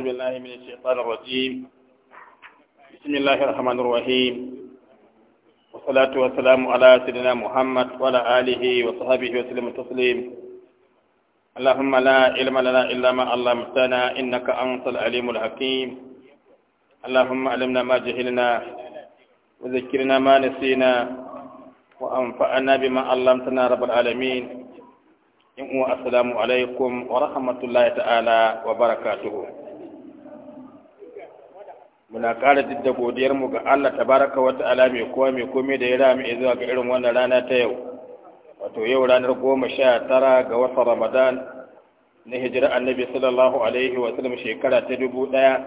أعوذ بالله من الشيطان الرجيم بسم الله الرحمن الرحيم والصلاة والسلام على سيدنا محمد وعلى آله وصحبه وسلم تسليم اللهم لا علم لنا إلا ما علمتنا إنك أنت العليم الحكيم اللهم علمنا ما جهلنا وذكرنا ما نسينا وأنفعنا بما علمتنا رب العالمين السلام عليكم ورحمة الله تعالى وبركاته muna ƙara duk godiyar mu ga Allah tabaraka wa ta'ala mai kowa mai komai da ya rami zuwa ga irin wannan rana ta yau wato yau ranar goma sha tara ga watan ramadan na hijira annabi sallallahu alaihi wa sallam shekara ta dubu ɗaya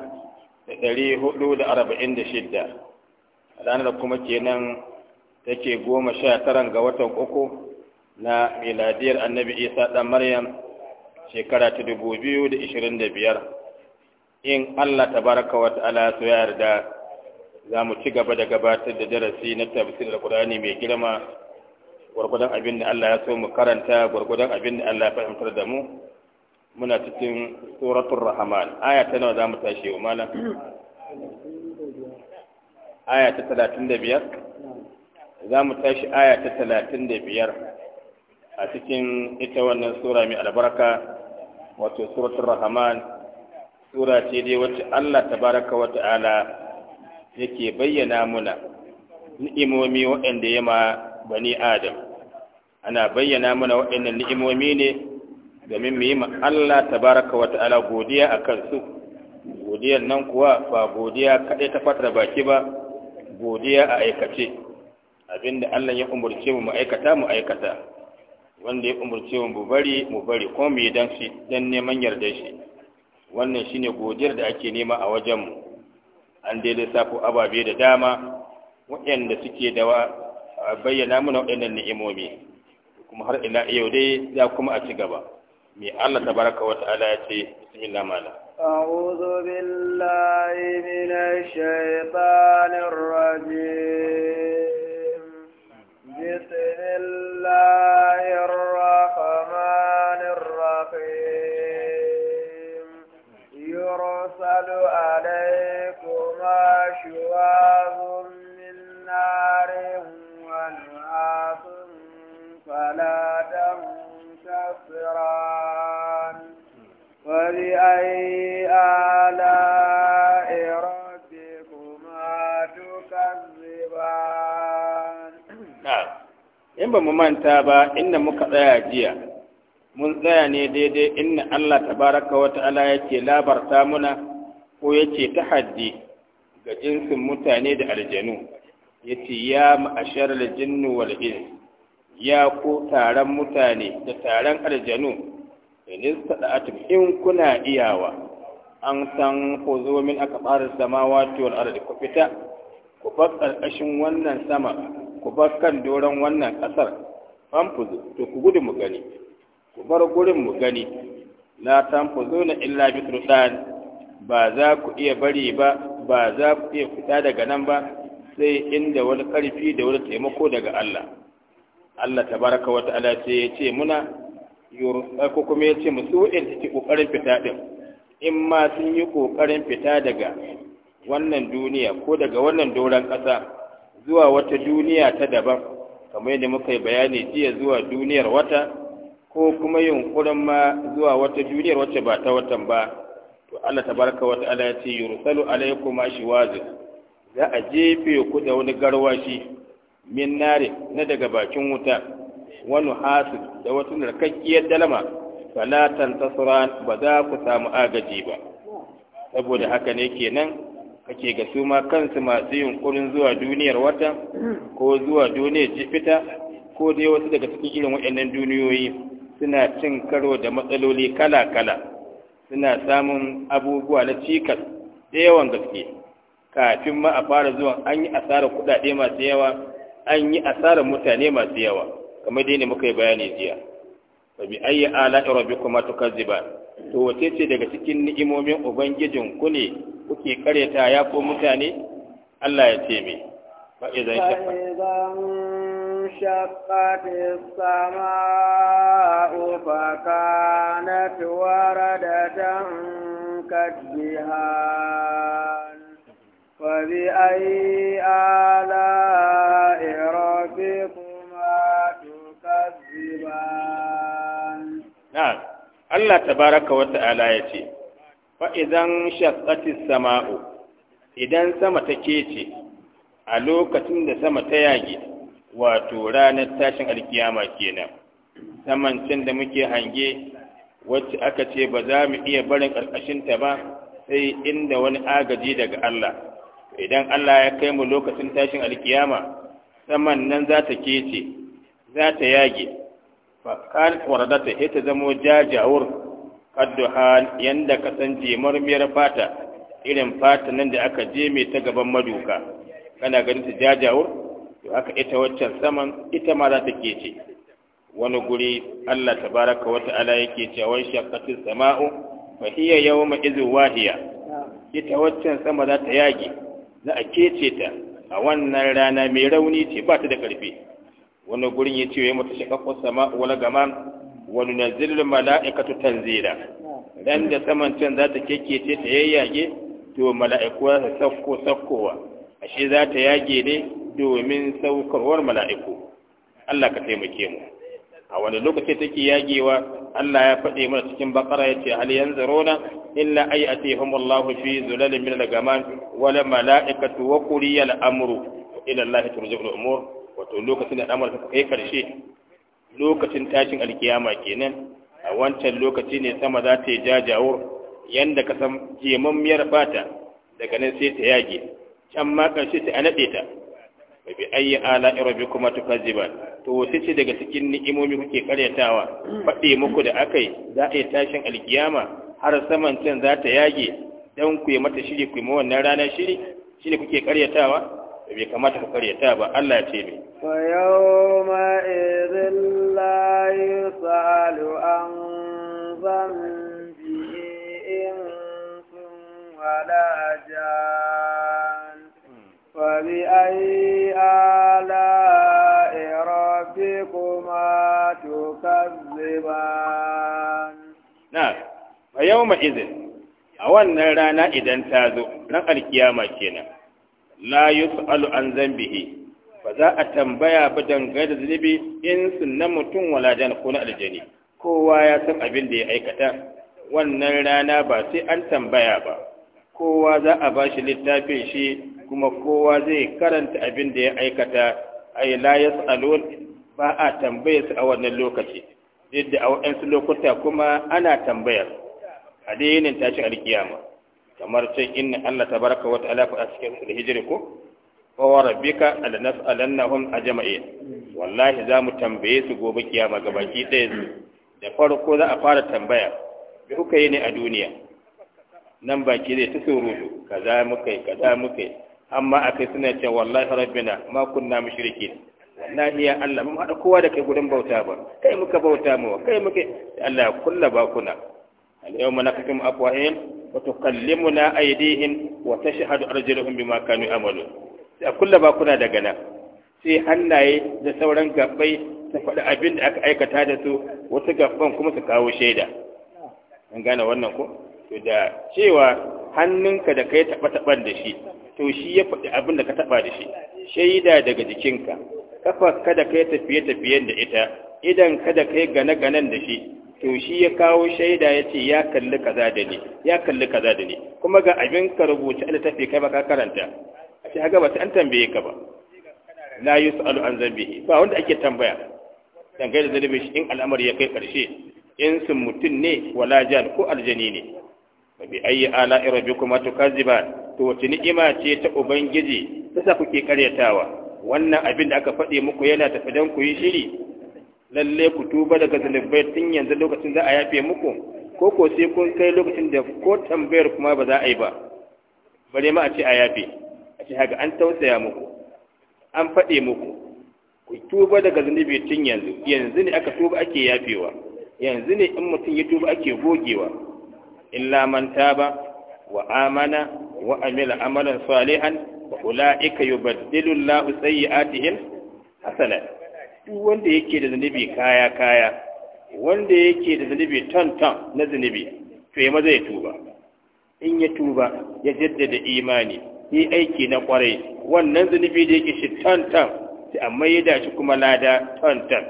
da ɗari hudu da arba'in da shidda ranar kuma kenan take goma sha taran ga watan uku na miladiyar annabi isa ɗan maryam shekara ta dubu biyu da ishirin da biyar in Allah tabaraka wa ta'ala su yarda za mu ci gaba da gabatar da darasi na tafsir Qur'ani mai girma gurgudan abin da Allah ya so mu karanta gurgudan abin da Allah ya fahimtar da mu muna cikin suratul rahman aya ta nawa za mu tashi yau malam aya ta talatin da biyar za mu tashi aya ta talatin da biyar a cikin ita wannan sura mai albarka wato suratul rahman sura ce dai wacce Allah tabaraka wa ta'ala yake bayyana muna ni'imomi waɗanda ya ma bani adam ana bayyana muna waɗannan ni'imomi ne domin mu yi ma Allah tabaraka wa ta'ala godiya a kansu godiyar nan kuwa ba godiya kaɗai ta fatar baki ba godiya a aikace abinda Allah ya umurce mu ma'aikata mu aikata wanda ya umurce mu bari mu bari ko mu yi dan shi dan neman yarda shi wannan shine godiyar da ake nema a wajenmu an daidai safo ababe da dama waɗanda suke da bayyana mana waɗannan ni'imomi kuma har ina yau dai za kuma a ci gaba mai Allah tabaraka wa ta'ala ya ce bismillah mala أعوذ بالله من الشيطان الرجيم بسم ولا تنتصران فبأي آلاء ربكما تكذبان نعم in ba mu manta ba inda muka tsaya jiya mun tsaya ne daidai inna Allah tabaraka wa ta'ala yake labarta muna ko yake tahaddi ga jinsin mutane da aljanu yace ya ma'ashar aljinnu wal ins ya ko taron mutane da taron aljanu in sada'atum in kuna iyawa an san ko zo min aka fara samawati wal ardi ku fita ku bar ƙarƙashin wannan sama ku bar kan doron wannan ƙasar an fuzu to ku gudu mu gani ku bar gurin mu gani la fuzu na illa bi turdan ba za ku iya bari ba ba za ku iya fita daga nan ba sai inda wani ƙarfi da wani taimako daga Allah Allah tabaraka wa ta'ala ce ya ce muna eh, ko kuma ya ce musu in ciki kokarin fita din in ma sun yi kokarin fita daga wannan duniya ko daga wannan doron ƙasa zuwa wata duniya ta daban kamar yadda muka yi bayani jiya zuwa duniyar wata ko kuma yunkurin ma zuwa wata duniyar wacce ba ta watan ba to Allah tabaraka wa ta'ala ya ce yursalu alaikum ashwazin za a jefe ku da wani garwashi min nare na daga bakin wuta wani hasu da wata narkakkiyar dalama falatan tasira ba za ku samu agaji ba saboda haka ne kenan kake ga su ma kansu masu yunkurin zuwa duniyar wata ko zuwa duniyar jifita ko dai wasu daga cikin irin waɗannan duniyoyi suna cin karo da matsaloli kala-kala suna samun abubuwa na cikas da yawan gaske kafin ma a fara zuwa an yi asarar kuɗaɗe masu yawa an yi asarar mutane masu yawa kamar dai ne muka yi bayani jiya fa bi ayi ala rabbikuma tukazziban to wace ce daga cikin ni'imomin ubangijin ku ne kuke kareta ya ko mutane Allah ya ce me fa idan شقت na Allah ta wata ala ya ce fa idan shaqqatis sama'u idan sama ta kece a lokacin da sama ta yage wato ranar tashin alkiyama kenan saman can da muke hange wacce aka ce ba za mu iya barin ƙarƙashinta ba sai inda wani agaji daga Allah idan Allah ya kai mu lokacin tashin alkiyama saman nan za ta kece za ta yage faƙar ya ta zamo jajawar kadduhan yadda ka san marmiyar fata irin fata nan da aka je mai ta gaban maduka kana ganin ta jajawar to haka ita waccan saman ita ma za ta ke ce wani guri Allah tabaraka wa ta'ala yake cewa shaqqatis sama'u fa hiya ma idhin wahiya ita waccan sama za ta yage za a kece ta a wannan rana mai rauni ce ba ta da ƙarfi wani gurin ya ce ya mata shakakkun sama wani gaman wani nazilin mala'ikatu tanzira. ran da saman can za ta kekece ta yayyage to mala'iku za ta safko ashe za ta yage ne domin saukarwar mala'iku Allah ka taimake mu a wani lokaci take yagewa Allah ya faɗe mana cikin bakara ya ce hal yanzuruna illa ay atihumullahu fi zulalin min al-gaman wala mala'ikatu wa quliyal amru ila Allah turja'ul umur wato lokacin da al'amar ta kai karshe lokacin tashin alkiyama kenan a wancan lokaci ne sama za ta yi jajawo yanda ka san jemammiyar bata daga nan sai ta yage can ma karshe ta anaɗe ta bi ayyi ala irabi kuma ba to wace ce daga cikin ni'imomi kuke karyatawa faɗe muku da aka yi za a yi tashin alkiyama har saman can za ta yage dan ku yi mata shiri ku yi ma wannan ranar shiri ne kuke karyatawa bai kamata ka karyata ba Allah ya ce mai fa yawma idhil la yusalu an zambi insun wala jan fa bi ayi ala rabbikuma tukazziban na fa yawma idhil a wannan rana idan ta zo ran alkiyama kenan la yus'alu an zambihi ba za a tambaya ba dangane da zunubi in sunna mutum wala jan ko na aljani kowa ya san abin da ya aikata wannan rana ba sai an tambaya ba kowa za a ba shi littafin shi kuma kowa zai karanta abin da ya aikata ay la yas'alun ba a tambaye su a wannan lokaci yadda a waɗansu lokuta kuma ana tambayar a dai yinin tashi alkiyama kamar ce inna Allah tabaraka wa ta'ala fa askin hijri ko fa wa rabbika nas'alannahum ajma'in wallahi za mu tambaye su gobe kiyama gabaki ɗaya su da farko za a fara tambaya me kuka yi ne a duniya nan baki zai ta surutu kaza muka yi kaza muka yi amma akai suna ce wallahi rabbina ma kunna mushrikin wallahi ya Allah mun hada kowa da kai gurin bauta ba kai muka bauta mu kai muka Allah kulla bakuna al yawma nakatum afwahin wa tukallimuna aydihim wa tashhadu arjuluhum bima kanu ya'malun sai kullu ba kuna daga nan sai hannaye da sauran gabbai ta faɗi abin da aka aikata da su wasu gabban kuma su kawo shaida an gane wannan ko to da cewa hannunka da kai taɓa taɓan da shi to shi ya faɗi abin da ka taɓa da shi shaida daga jikinka kafa kada kai tafiye-tafiyen da ita idan kada kai gane-ganen da shi to shi ya kawo shaida ya ce ya kalli kaza da ni ya kalli kaza da ni kuma ga abin ka rubuta tafi kai baka ka karanta a ce haka ba ta an tambaye ka ba la yus'alu an zambihi ba wanda ake tambaya dangane da zalibin shi in al'amari ya kai karshe in sun mutum ne wala jan ko aljani ne bi ayi ala rabbikuma tukaziban to wace ni'ima ce ta ubangiji sai kuke karyatawa wannan abin da aka faɗi muku yana tafi ku yi shiri lalle ku tuba daga zunubai tun yanzu lokacin za a yafe muku ko ko sai kun kai lokacin da ko tambayar kuma ba za a yi ba bare ma a ce a yafe a ce haka an tausaya muku an faɗe muku ku tuba daga zunubi tun yanzu yanzu ne aka tuba ake yafewa yanzu ne in mutum ya tuba ake gogewa illa man taba wa amana wa amila amalan salihan wa ulaika yubaddilu llahu sayyi'atihim hasanat duk wanda yake da zunubi kaya kaya wanda yake da zunubi tan-tan na zunubi to ya maza ya tuba in ya tuba ya jaddada imani yi aiki na kwarai wannan zunubi da yake shi tan-tan, sai amma ya dace kuma lada tan-tan. ton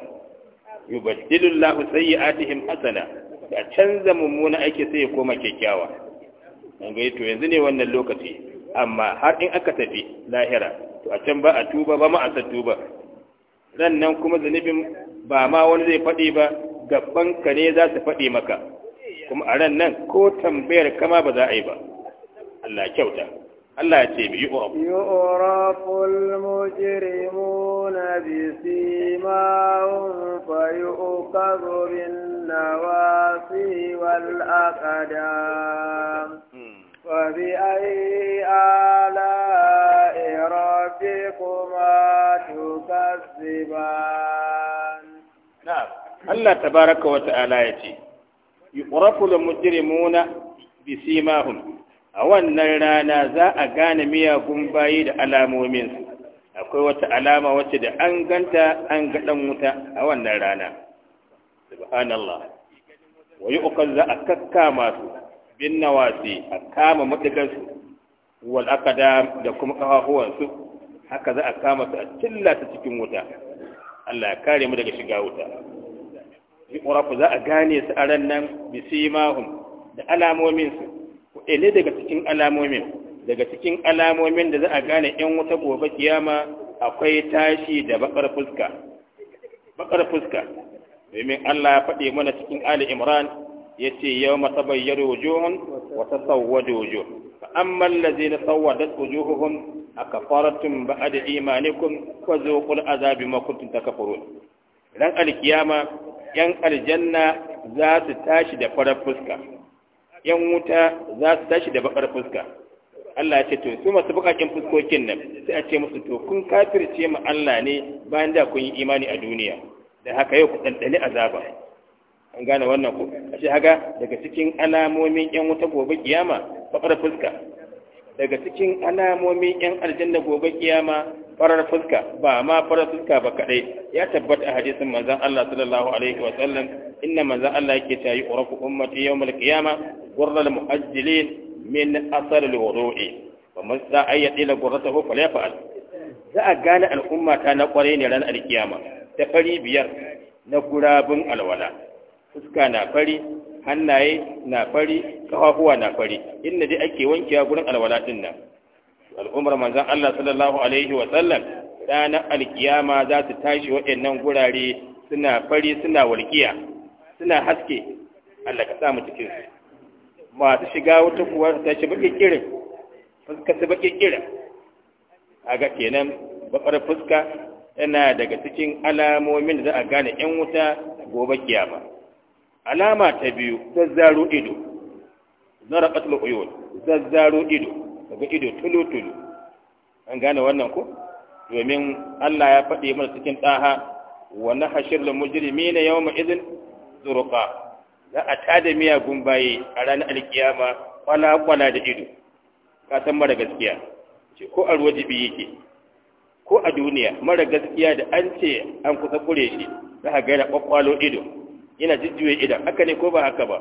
yubaddilu Allahu sayyi'atihim hasana da canza mummuna ake sai ya koma kyakkyawa an ga to yanzu ne wannan lokaci amma har in aka tafi lahira to a can ba a tuba ba ma a san tuba ran nan kuma zunubin ba ma wani zai faɗi ba gaban ka ne za su faɗi maka kuma a ran nan ko tambayar kama ba za a yi ba Allah kyauta Allah ya ce bi yu'raful mujrimuna bi simahum fa yu'khadhu bin nawasi wal aqdam fa hmm. bi ai ala ربكما تكذبان نعم الله تبارك وتعالى يتي يقرف المجرمون بسيماهم a wannan rana za a gane miyagun bayi da alamominsu akwai wata alama wacce da an ganta an ga dan wuta a wannan rana subhanallah wa yuqal za a kakka masu bin nawasi a kama madigansu wal aqdam da kuma kafafuwan su haka za a kama su a tillata cikin wuta Allah ya kare mu daga shiga wuta yuqrafu za a gane su a ran nan da alamomin su ku ele daga cikin alamomin daga cikin alamomin da za a gane yan wuta gobe kiyama akwai tashi da bakar fuska bakar fuska domin Allah ya faɗi mana cikin Ali Imran yace yawma tabayyaru wujuhun wa tasawwadu wujuhun فأما الذين صودت وجوههم أكفرتم بعد إيمانكم فذوقوا العذاب بما كنتم تكفرون ran alkiyama ين الجنة ذات تاشد فرفسك ين farar ذات تاشد فرفسك Allah ya ce to su masu bukakin fuskokin nan sai a ce musu to kun kafirce mu Allah ne bayan da kun yi imani a duniya da haka yau ku dandane azaba an gane wannan ko ashe haga daga cikin alamomin yan wuta gobe kiyama farar fuska daga cikin alamomin yan aljanna gobe kiyama farar fuska ba ma farar fuska ba kadai ya tabbata a hadisin manzon Allah sallallahu alaihi wa sallam inna manzon Allah yake ta yi urafu ummati yawmal qiyama gurral muajjilin min asar alwudu'i wa man sa'a yadila gurratahu falyafal za a gane al'umma ta na kware ne ran alkiyama ta fari biyar na gurabun alwala fuska na fari hannaye na fari kafafuwa na fari inda dai ake wankewa gurin alwala din nan al'ummar manzon Allah sallallahu alaihi wa sallam ranar alkiyama za su tashi waɗannan gurare suna fari suna walƙiya suna haske Allah ka samu cikin su masu shiga wata kuwa ta shi baƙi kirin fuska su baƙi kirin aga kenan bakar fuska yana daga cikin alamomin da za a gane 'yan wuta gobe kiyama alama ta biyu zazzaro ido zara qatlul uyun zazzaro ido daga ido tulu tulu an gane wannan ko domin Allah ya faɗi mana cikin daha wa nahshir lil mujrimina yawma idhin zurqa za a tada miya gumbaye a ranar alkiyama kwala-kwala da ido ka san mara gaskiya ce ko a ruwajibi yake ko a duniya mara gaskiya da an ce an kusa kure shi za a gaira kwakwalo ido yana jujjuya idan haka ne ko ba haka ba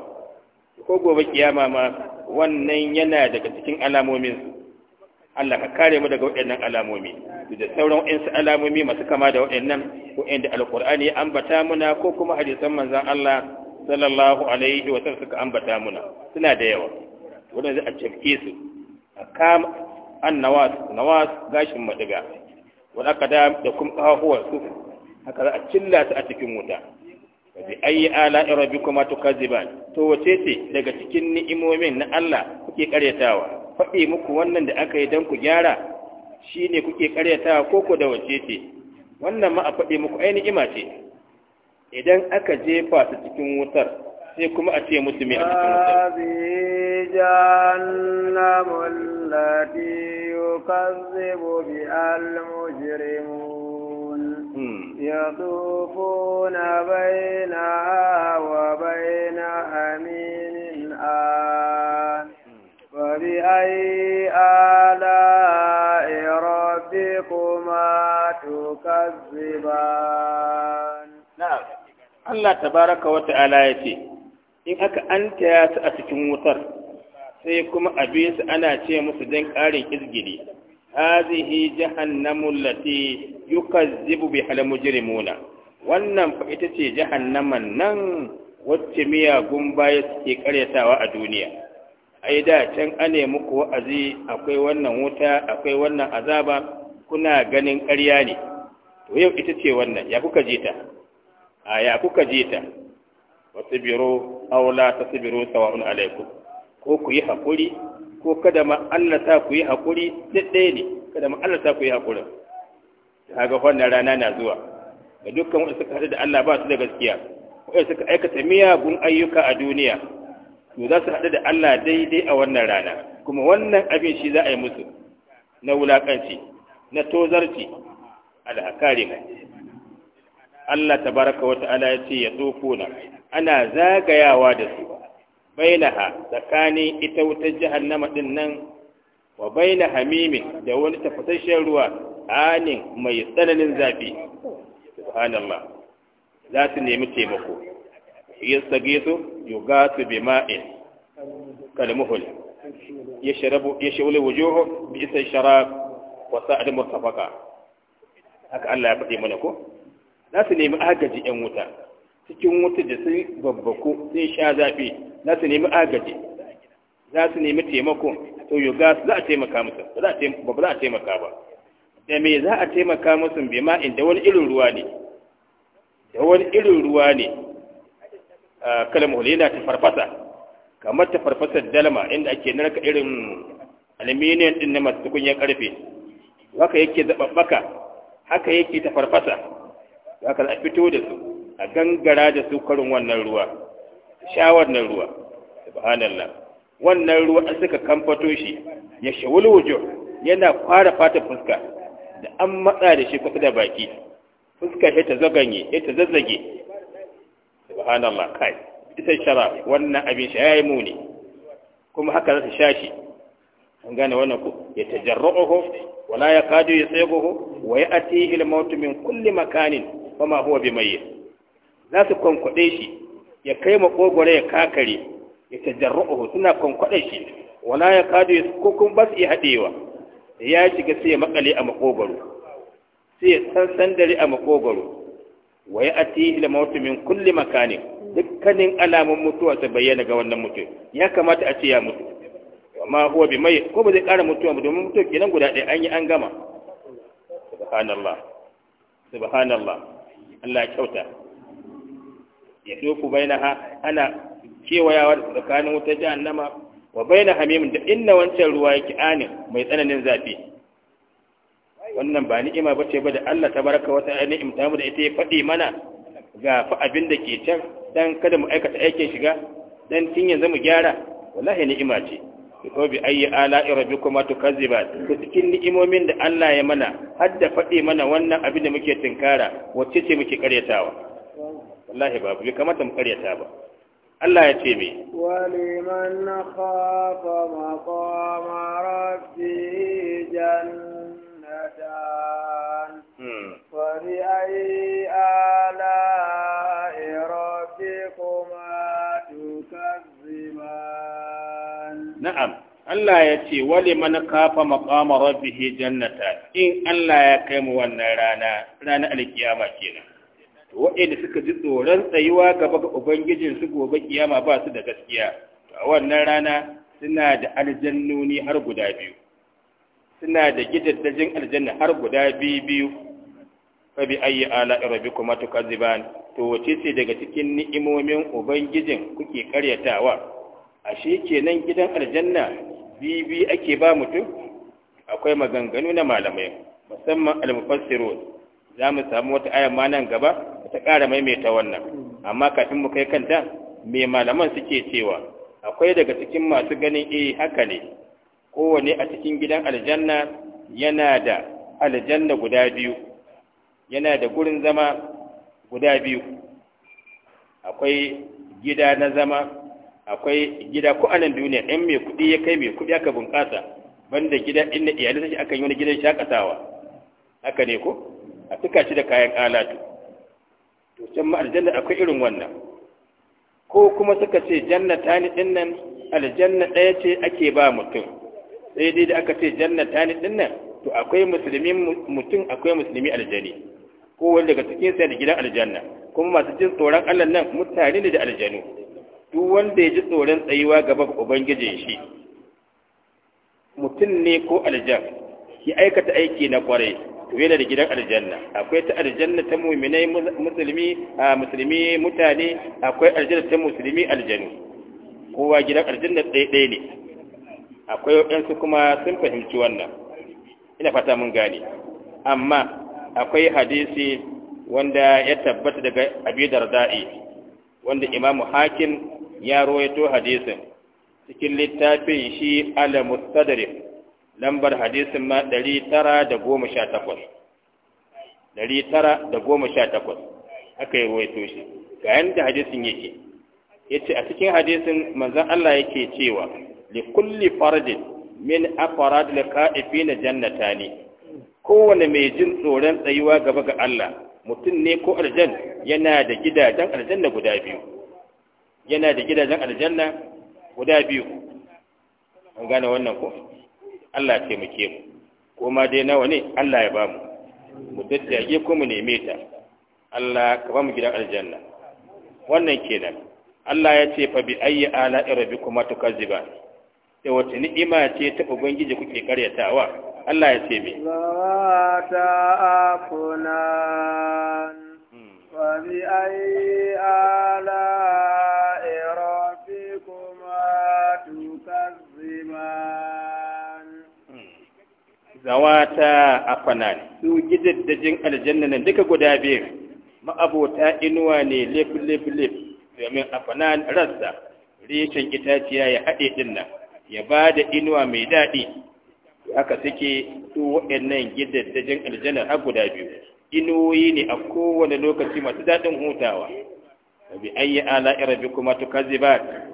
ko gobe kiyama ma wannan yana daga cikin alamomin su Allah ka kare mu daga waɗannan alamomi da sauran waɗansu alamomi masu kama da waɗannan waɗanda alkur'ani ya ambata muna ko kuma hadisan manzon Allah sallallahu alaihi wa sallam suka ambata muna suna da yawa wannan zai a cafke su a kam an nawas nawas gashin madiga wa da da kuma kahuwar su haka za a cilla su a cikin wuta bi ayi ala rabbikuma tukaziban to wace ce daga cikin ni'imomin na Allah kuke karyatawa faɗi muku wannan da aka yi dan ku gyara shine kuke karyatawa ko ko da wace ce wannan ma a faɗi muku ai ni'ima ce idan aka jefa su cikin wutar sai kuma a ce musu me a cikin wutar lati yukazzibu bi يطوفون بينها وبين أمين آن فبأي آلاء ربكما تكذبان نعم الله تبارك وتعالى يتي in aka an taya su a cikin wutar sai kuma abin su ana ce musu don ƙarin izgili hadhihi jahannamu allati yukazzibu biha al-mujrimuna wannan fa ita ce jahannaman nan wacce miyagun baya suke karyatawa a duniya ai da can ane muku wa'azi akwai wannan wuta akwai wannan azaba kuna ganin ƙarya ne to yau ita ce wannan ya kuka je ta a ya kuka je ta wasbiru aw la tasbiru sawa'un alaikum ko ku yi hakuri ko kada ma Allah sa ku yi haƙuri dade ne kada ma Allah sa ku yi haƙurin kaga wannan rana na zuwa da dukkan wanda suka haɗu da Allah ba su da gaskiya wanda suka aikata miyagun ayyuka a duniya to za su haɗu da Allah daidai a wannan rana kuma wannan abin shi za a yi musu na wulaƙanci na tozarci alhakari ne Allah tabaraka wa ta'ala ya ce ya tsofona ana zagayawa da su bainaha tsakanin ita wutar jahannama din nan wa baina hamimin da wani tafasasshen ruwa anin mai tsananin zafi subhanallah za su nemi taimako yastagisu yugasu ma'in kalmuhul yashrabu yashawli wujuhu bi'sa sharab wa sa'ad murtafaqa haka Allah ya faɗi mana ko za su nemi agaji yan wuta cikin wuta da sun babbaku sun sha zafi za su nemi agaji za su nemi taimako to ga za a taimaka musu ba za a taimaka ba da me za a taimaka musu bai ma inda wani irin ruwa ne da wani irin ruwa ne kalmar yana ta farfasa kamar ta dalma inda ake narka irin aluminium din na masu ya karfe haka yake zaɓaɓɓaka haka yake ta farfasa haka za a fito da su a gangara da su karin wannan ruwa sha wannan ruwa subhanallah wannan ruwa an suka kamfato shi ya shawul wujuh yana fara fata fuska da an matsa da shi kusa da baki fuska sai ta zaganye sai ta zazzage subhanallah kai ita shara wannan abin shi yayi muni kuma haka za sha shi an gane wannan ko ya tajarruhu wala yakadu yusighuhu wa ya'tihi al-maut min kulli makanin fama huwa bimayyit za su kwankwade shi ya kai makogoro ya kakare ya tajarru'uhu suna kwankwaɗa shi wala ya kadu ya kokun ba su iya haɗewa ya shiga sai ya makale a makogoro sai ya sansan dare a makogoro wa ya ati ila mutumin min kulli makani dukkanin alamun mutuwa ta bayyana ga wannan mutum ya kamata a ce ya mutu amma huwa bi mai ko ba zai ƙara mutuwa ba domin mutuwa kenan guda ɗaya an yi an gama subhanallah subhanallah Allah ya kyauta ya doku ha ana kewayawa tsakanin wutar jahannama wa baina hamimin da inna wancan ruwa yake ani mai tsananin zafi wannan ba ni'ima ba ce ba da Allah Ta baraka wata ni'im ta mu da ita ya faɗi mana ga fa abin da ke can dan kada mu aikata aikin shiga dan tun yanzu mu gyara wallahi ni'ima ce ko bi ayi ala rabbikuma tukazziba to cikin ni'imomin da Allah ya mana har da faɗi mana wannan abin da muke tinkara wacce ce muke karyatawa الله يبارك لك ما تمكر يتابع الله يتيبي ولمن خاف مقام ربه جنتان فلأي آلاء ربكما تكذبان نعم الله يتي ولمن خاف مقام ربه جنتان إن الله يكيم ونرانا رانا القيامة كينا to waɗanda suka ji tsoron tsayuwa gaba ga ubangijin su gobe kiyama ba su da gaskiya to a wannan rana suna da aljannoni har guda biyu suna da gidaddajin aljanna har guda biyu biyu fa bi ayi ala to wace ce daga cikin ni'imomin ubangijin kuke karyatawa ashe kenan gidan aljanna bibi ake ba mutum akwai maganganu na malamai musamman al-mufassirun za mu samu wata ayan ma nan gaba ta ƙara maimaita wannan amma kafin mu kai kanta me malaman suke cewa akwai daga cikin masu ganin eh haka ne kowane a cikin gidan aljanna yana da aljanna guda biyu yana da gurin zama guda biyu akwai gida na zama akwai gida ko anan duniya ɗan mai kuɗi ya kai mai kuɗi aka bunƙasa banda gida inda iyalai sashi akan yi wani gidan shakatawa haka ne ko a tuka shi da kayan alatu to can ma aljanna akwai irin wannan ko kuma suka ce jannata ni din nan aljanna ɗaya ce ake ba mutum sai dai da aka ce jannata ni din nan to akwai musulmi mutum akwai musulmi aljani ko wani daga cikin sai da gidan aljanna kuma masu jin tsoron Allah nan mutane ne da aljanu duk wanda ya ji tsoron tsayuwa gaba ubangijin shi mutum ne ko aljan ya aikata aiki na kwarai wela da gidan aljanna akwai ta aljanna ta mu'minai musulmi musulmi mutane akwai aljanna ta musulmi aljanu kowa gidan aljanna ɗaya ne akwai waɗansu kuma sun fahimci wannan ina fata mun gane amma akwai hadisi wanda ya tabbata daga abidar darda'i wanda imamu hakim ya rawaito hadisin cikin littafin shi al mustadrik lambar hadisin ma ɗari tara da goma sha takwas ɗari tara da goma sha takwas aka yi ruwaito shi ga yadda hadisin yake ya ce a cikin hadisin manzan Allah yake cewa li kulli faradin min afarad da ka'ifi na jannata ne kowane mai jin tsoron tsayuwa gaba ga Allah mutum ne ko aljan yana da gidajen aljanna guda biyu yana da gidajen aljanna guda biyu an gane wannan ko Allah ya taimake mu ko ma dai nawa ne Allah ya bamu mu daddage ko mu neme ta Allah ka bamu gidan aljanna wannan kenan Allah ya ce fa bi ayyi ala rabbikuma tukazziban da wata ni'ima ce ta ubangiji kuke karyatawa Allah ya ce me ta afunan wa bi ayyi ala rabbikuma tukazziban zawata afanan su gidaddajin aljanna nan duka guda biyu ma'abota inuwa ne lef-lef-lef, domin afanan rassa reshen itaciya ya haɗe dinna ya ba da inuwa mai daɗi aka suke su waɗannan gidaddajin aljanna har guda biyu inuwoyi ne a kowane lokaci masu daɗin hutawa bi ayi Al'a'i irabi kuma to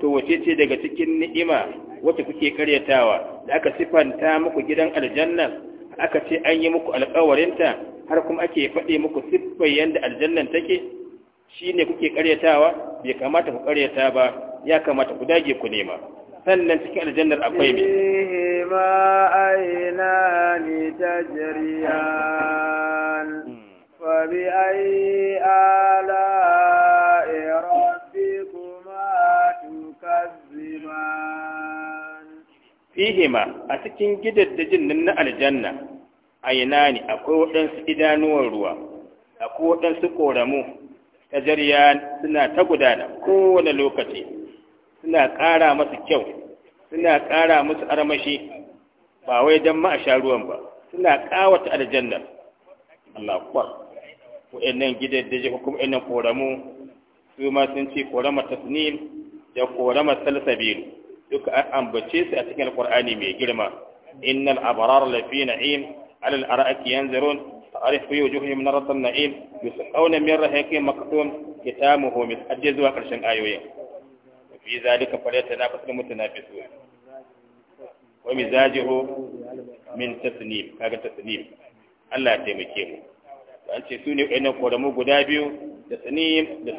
wace ce daga cikin ni'ima wacce kuke karyatawa da aka sifanta muku gidan aljanna aka ce an yi muku alkawarinta har kuma ake faɗe muku siffar yadda aljannan take shi ne kuke ƙaryatawa bai kamata ku ƙaryata ba ya kamata ku dage ku nema sannan cikin aljannar akwai mai ma aina ni tajriyan hmm. fa bi ai ala fihima a cikin gidaddajin nan na aljanna a yana ne akwai waɗansu idanuwar ruwa akwai waɗansu ƙoramu ta jariya suna ta gudana kowane lokaci suna ƙara masu kyau suna ƙara musu armashi ba wai don ma'asha ruwan ba suna ƙawata aljanna Allah kwar wa'annan gidaddaji ko kuma wa'annan ƙoramu su ma sun ce ƙoramar tasnim da ƙoramar salsabilu duka an ambace su a cikin alqur'ani mai girma innal abrar lafi na'im alal ara'iki yanzurun ta'rif fi wujuhihim narat an-na'im yusqawna min maktum kitamuhu min fi zalika wa mizajuhu min tasnim kaga tasnim Allah ya taimake mu an ce su ne wayannan koramu guda biyu da tasnim da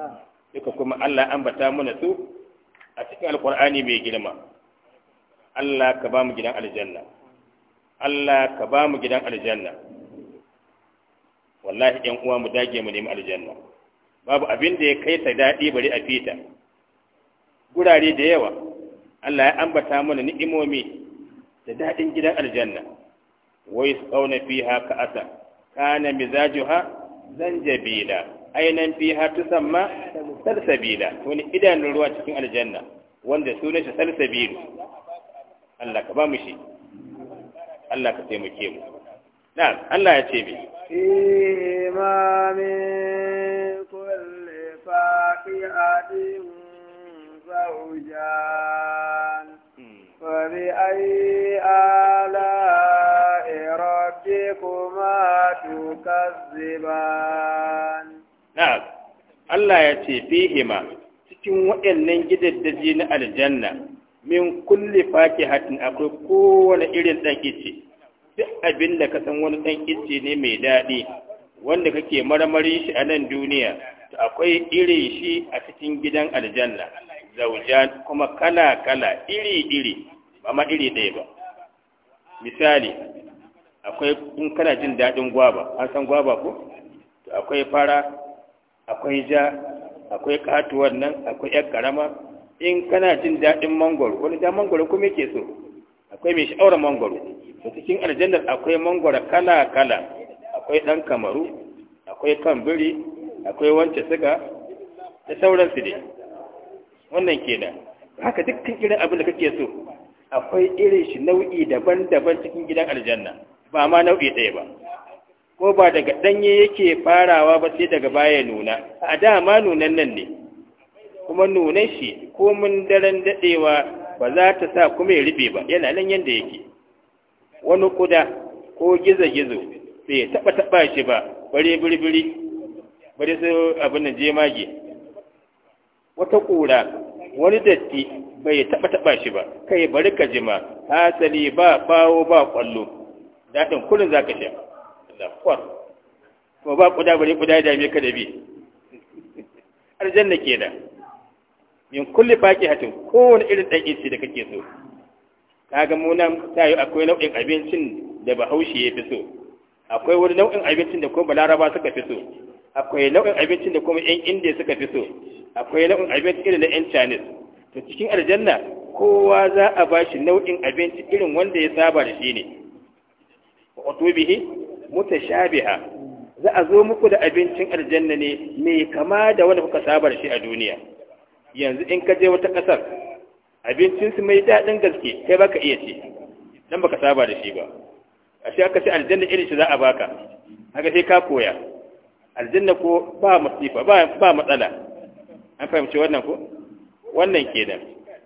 ah. duka kuma Allah ambata mana su a cikin alkur'ani mai girma Allah ka ba mu gidan aljanna Allah ka ba mu gidan aljanna wallahi ɗan uwa mu dage mu nemi aljanna babu abin da ya kai ta daɗi bari a fita gurare da yawa Allah ya ambata mana ni'imomi da daɗin gidan aljanna wai su ƙauna fiha ka'asa kana mizajuha zanjabila ainan fi har tusamma salsabila wani idanun ruwa cikin aljanna wanda sunan shi salsabilu Allah ka ba mu shi Allah ka taimake mu na'am Allah ya ce bi imami kulli faqi'atin zawjan fa bi ayi ala rabbikuma tukazziban na'am Allah ya ce fihima cikin waɗannan gidaddaji na aljanna min kulli fakihatin akwai kowane irin ɗan ice duk abin da ka san wani ɗan ice ne mai daɗi wanda kake marmari shi a nan duniya to akwai iri shi a cikin gidan aljanna zaujan kuma kala kala iri iri ba ma iri ɗaya ba misali akwai in kana jin daɗin gwaba an san gwaba ko to akwai fara akwai ja akwai katuwar nan akwai yar karama in kana jin daɗin mangoro wani ja mangoro kuma yake so akwai mai sha'awar mangoro A cikin aljannar akwai mangoro kala kala akwai ɗan kamaru akwai kambiri akwai wance siga da su dai wannan kenan haka dukkan irin abin da kake so akwai irin shi nau'i daban-daban cikin gidan aljanna ba ma nau'i ɗaya ba ko ba daga ɗanye yake farawa ba sai daga baya nuna a dama nunan nan ne kuma nunan shi komin daren daɗewa ba za ta sa kuma ya rube ba yana nan yadda yake wani kuda ko gizo-gizo bai taɓa taɓa shi ba bare biribiri bare su abin da jemage wata ƙura wani datti bai taɓa taɓa shi ba kai bari ka jima hasali ba bawo ba ƙwallo daɗin kurin za ka shi illa kuma ba kuda bari kuda ya dame ka da bi aljanna da. min kulli baki hatin kowane irin dan isi da kake so kaga mu nan tayi akwai nau'in abincin da bahaushe ya fi so akwai wani nau'in abincin da kuma balaraba suka fi so akwai nau'in abincin da kuma yan indiya suka fi so akwai nau'in abincin irin na yan chinese to cikin aljanna kowa za a bashi nau'in abinci irin wanda ya saba da shi ne wa bihi? mutashabiha za a zo muku da abincin aljanna ne mai kama da wanda kuka saba shi a duniya yanzu in ka je wata kasar abincin su mai dadin gaske kai baka iya ci dan baka saba da shi ba a shi aka ce aljanna irin shi za a baka haka sai ka koya aljanna ko ba masifa ba ba matsala an fahimci wannan ko wannan kenan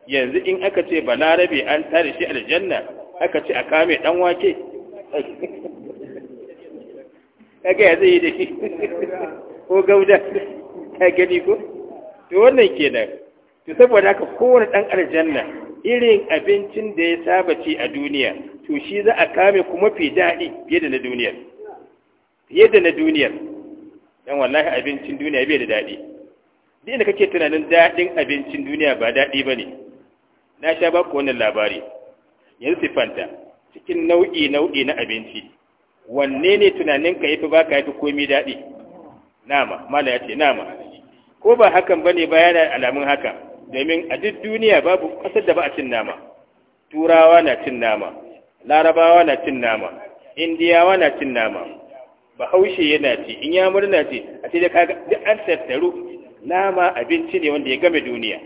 yanzu in aka ce balarabe an tare shi aljanna aka ce a kame dan wake kaga ya zai yi da shi ko gauda ka gani ko to wannan kenan to saboda haka kowane dan aljanna irin abincin da ya saba ci a duniya to shi za a kame kuma fi daɗi fiye da na duniyar fiye da na duniyar dan wallahi abincin duniya bai da daɗi din da kake tunanin daɗin abincin duniya ba daɗi ba ne na sha ba ku wannan labari yanzu sifanta cikin nau'i nau'i na abinci wanne ne tunaninka ya fi baka ya fi komi daɗi nama mala ya ce nama ko ba hakan ba ne bayan alamun haka domin a duk duniya babu ƙasar da ba a cin nama turawa na cin nama larabawa na cin nama indiyawa na cin nama bahaushe yana ci in ya murna ce a ce da kaga duk an tattaru nama abinci ne wanda ya game duniya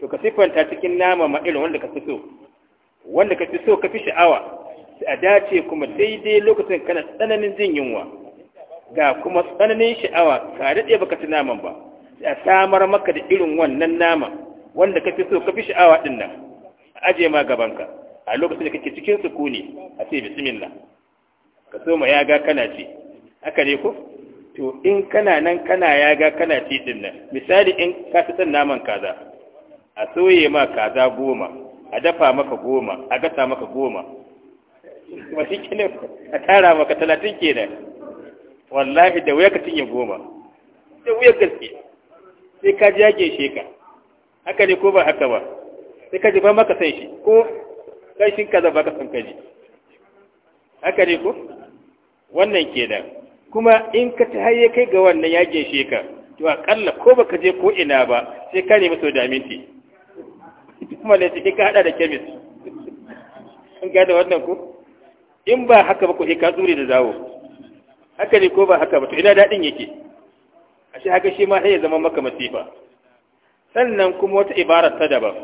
to ka siffanta cikin nama ma irin wanda ka fi so wanda ka fi so ka fi sha'awa a dace kuma daidai lokacin kana tsananin jin yunwa ga kuma tsananin sha'awa ka daɗe baka ci naman ba a samar maka da irin wannan nama wanda ka fi so ka fi sha'awa ɗin nan a ajiye ma gabanka a lokacin da kake cikin sukuni a ce bismillah ka so ma yaga kana ci haka ne ku? to in kana nan kana yaga kana ci ɗin nan misali in ka fi son naman kaza a soye ma kaza goma a dafa maka goma a gasa maka goma wasu shi kenan a tara maka talatin kenan wallahi da wuya ka cinye goma da wuya gaske sai ka ji yage shi ka haka ne ko ba haka ba sai ka ji ba maka san shi ko kashin kaza ba ka san kaji haka ne ko wannan kenan kuma in ka ta haye kai ga wannan yage shi ka to akalla ko ba ka je ko ina ba sai ka nemi sau da minti kuma ne ka hada da kemis an gada wannan ko in ba haka ba ko ka tsure da zawo haka ne ko ba haka ba to ina daɗin yake ashe haka shi ma sai ya zama maka masifa sannan kuma wata ibarar ta daban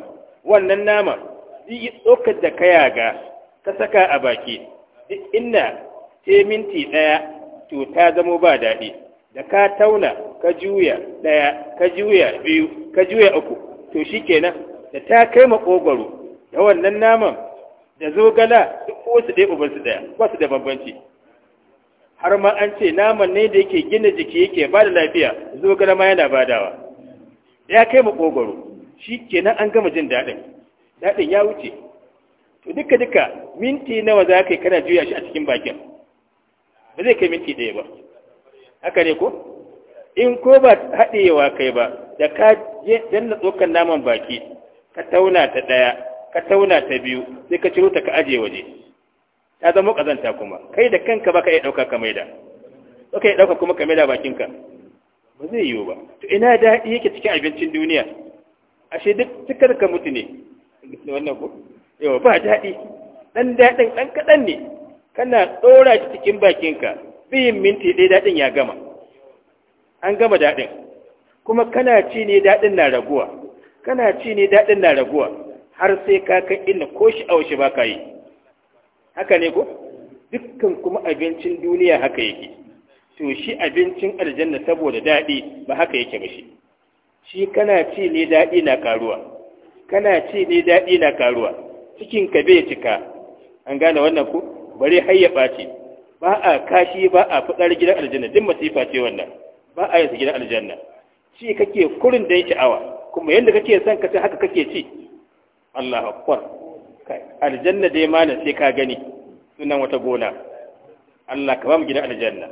wannan nama yi tsokar da kaya ga ka saka a baki duk ce minti ɗaya to ta zamo ba daɗi da ka tauna ka juya ɗaya ka juya biyu ka juya uku to shi kenan da ta kai maƙogwaro da wannan naman da zogala duk wasu ɗaya uban su ɗaya ba su da bambanci har ma an ce naman ne da yake gina jiki yake ba da lafiya zogala ma yana badawa ya kai mu makogoro shi kenan an gama jin daɗin daɗin ya wuce to duka duka minti nawa za ka yi kana juya shi a cikin bakin ba zai kai minti ɗaya ba haka ne ko in ko ba haɗewa kai ba da ka je danna tsokan naman baki ka tauna ta ɗaya ka tauna ta biyu sai ka ciro ta ka aje waje ta zama kazanta kuma kai da kanka baka iya dauka ka da okay dauka kuma da bakin bakinka ba zai yiwu ba to ina daɗi yake cikin abincin duniya ashe duk cikar ka mutu ne wannan ko yo ba dadi dan daɗin dan kaɗan ne kana ɗora shi cikin bakinka biyin minti dai daɗin ya gama an gama daɗin kuma kana ci ne dadin na raguwa kana ci ne daɗin na raguwa har sai ka kai inda ko shi a ba ka yi haka ne ko dukkan kuma abincin duniya haka yake to shi abincin aljanna saboda daɗi ba haka yake ba shi shi kana ci ne daɗi na karuwa kana ci ne daɗi na karuwa cikin ka bai cika an gane wannan ku bare hayya ɓaci ba a kashi ba a fitsar gidan aljanna duk masifa ce wannan ba a yin gidan aljanna shi kake kurin da sha'awa kuma yadda kake son ka haka kake ci Allah akwar aljanna dai ma sai ka gani sunan wata gona Allah ka ba mu gidan aljanna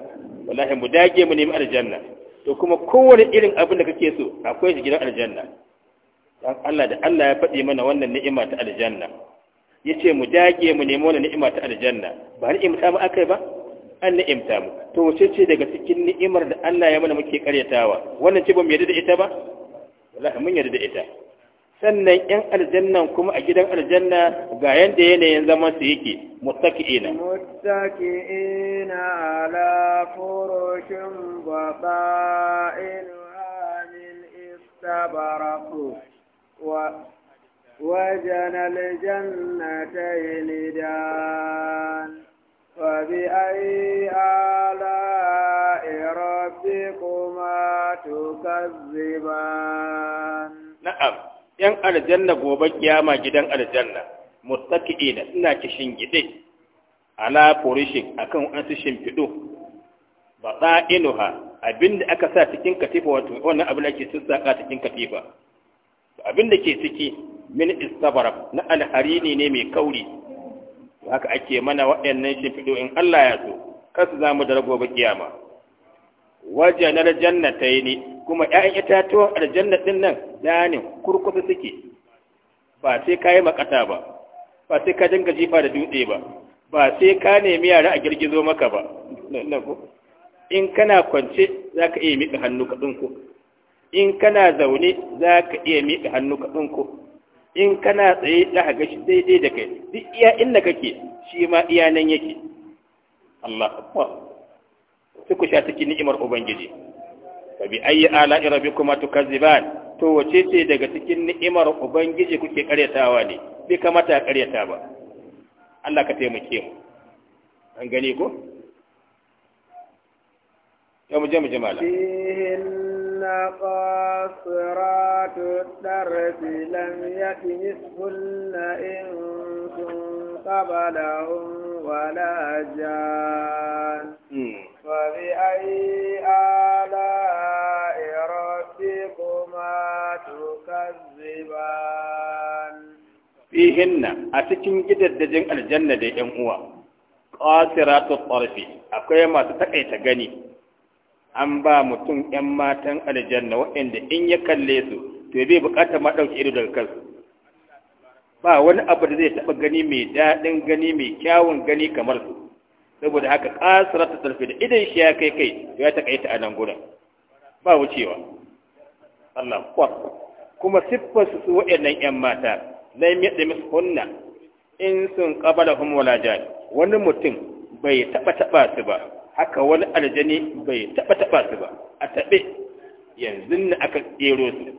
wallahi mu dage mu nemi aljanna to kuma kowane irin abin da kake so akwai shi gidan aljanna dan Allah da Allah ya faɗi mana wannan ni'ima ta aljanna yace mu dage mu nemi wannan ni'ima ta aljanna ba 'imta mu akai ba an ni'imta mu to wace ce daga cikin ni'imar da Allah ya mana muke karyatawa wannan ce ba mu yarda da ita ba wallahi mun yarda da ita sannan yan aljanna kuma a gidan aljanna ga yadda yanayin zaman su yake mutaki ina ala furushin wa ba'iluha min istabaraku wa وجنى الجنتين دان فبأي آلاء ربكما تكذبان na'am yan aljanna gobe kiyama gidan aljanna mustaqiina suna kishin gide ala furishin akan an wasu Ba bata'inuha abinda aka sa cikin katifa wato wannan abin da ake sassaka cikin katifa abin da ke ciki min istabara na alharini ne mai kauri haka ake mana waɗannan shimfiɗo in Allah ya so kasu zamu da ragowar kiyama wajanar yi ne kuma ‘ya'yan itatuwan aljanna ɗin nan ne kurkusa suke ba sai ka yi makata ba ba sai ka dinga jifa da dutse ba ba sai ka nemi yara a girgizo maka ba in kana kwance za ka iya miƙa hannu ka ɗinku in kana zaune za ka iya miƙa hannu ka ɗinku in kana tsaye za ka gashi daidai da kai duk iya inda kake shi ma iya nan yake Allah suku sha cikin ni'imar ubangiji fa bi ayyi kuma rabbikuma tukazziban to wace ce daga cikin ni'imar ubangiji kuke karyatawa ne bai kamata a karyata ba Allah ka taimake mu an gani ko Ya mu je mu jama'a قاصرات الدرس in يكمثهن إنس قبلهم ولا جان فبأي آلاء ربكما تكذبان فيهن أتكين جدا دجن الجنة دي أموا قاصرات الطرف أكوية ما تتقيت غني an ba mutum 'yan matan aljanna waɗanda in ya kalle su to bai bukatar ma ɗauki ido daga kansu ba wani abu da zai taɓa gani mai daɗin gani mai kyawun gani kamar su saboda haka ta tarfi da idan shi ya kai kai ya takaita a nan ba wucewa Allah kuma siffar su waɗannan ƴan mata yin yadda musu hunna in sun qabala hum wala wani mutum bai taba taba su ba haka wani aljani bai taba taba su ba a tabe yanzu ne aka tsero su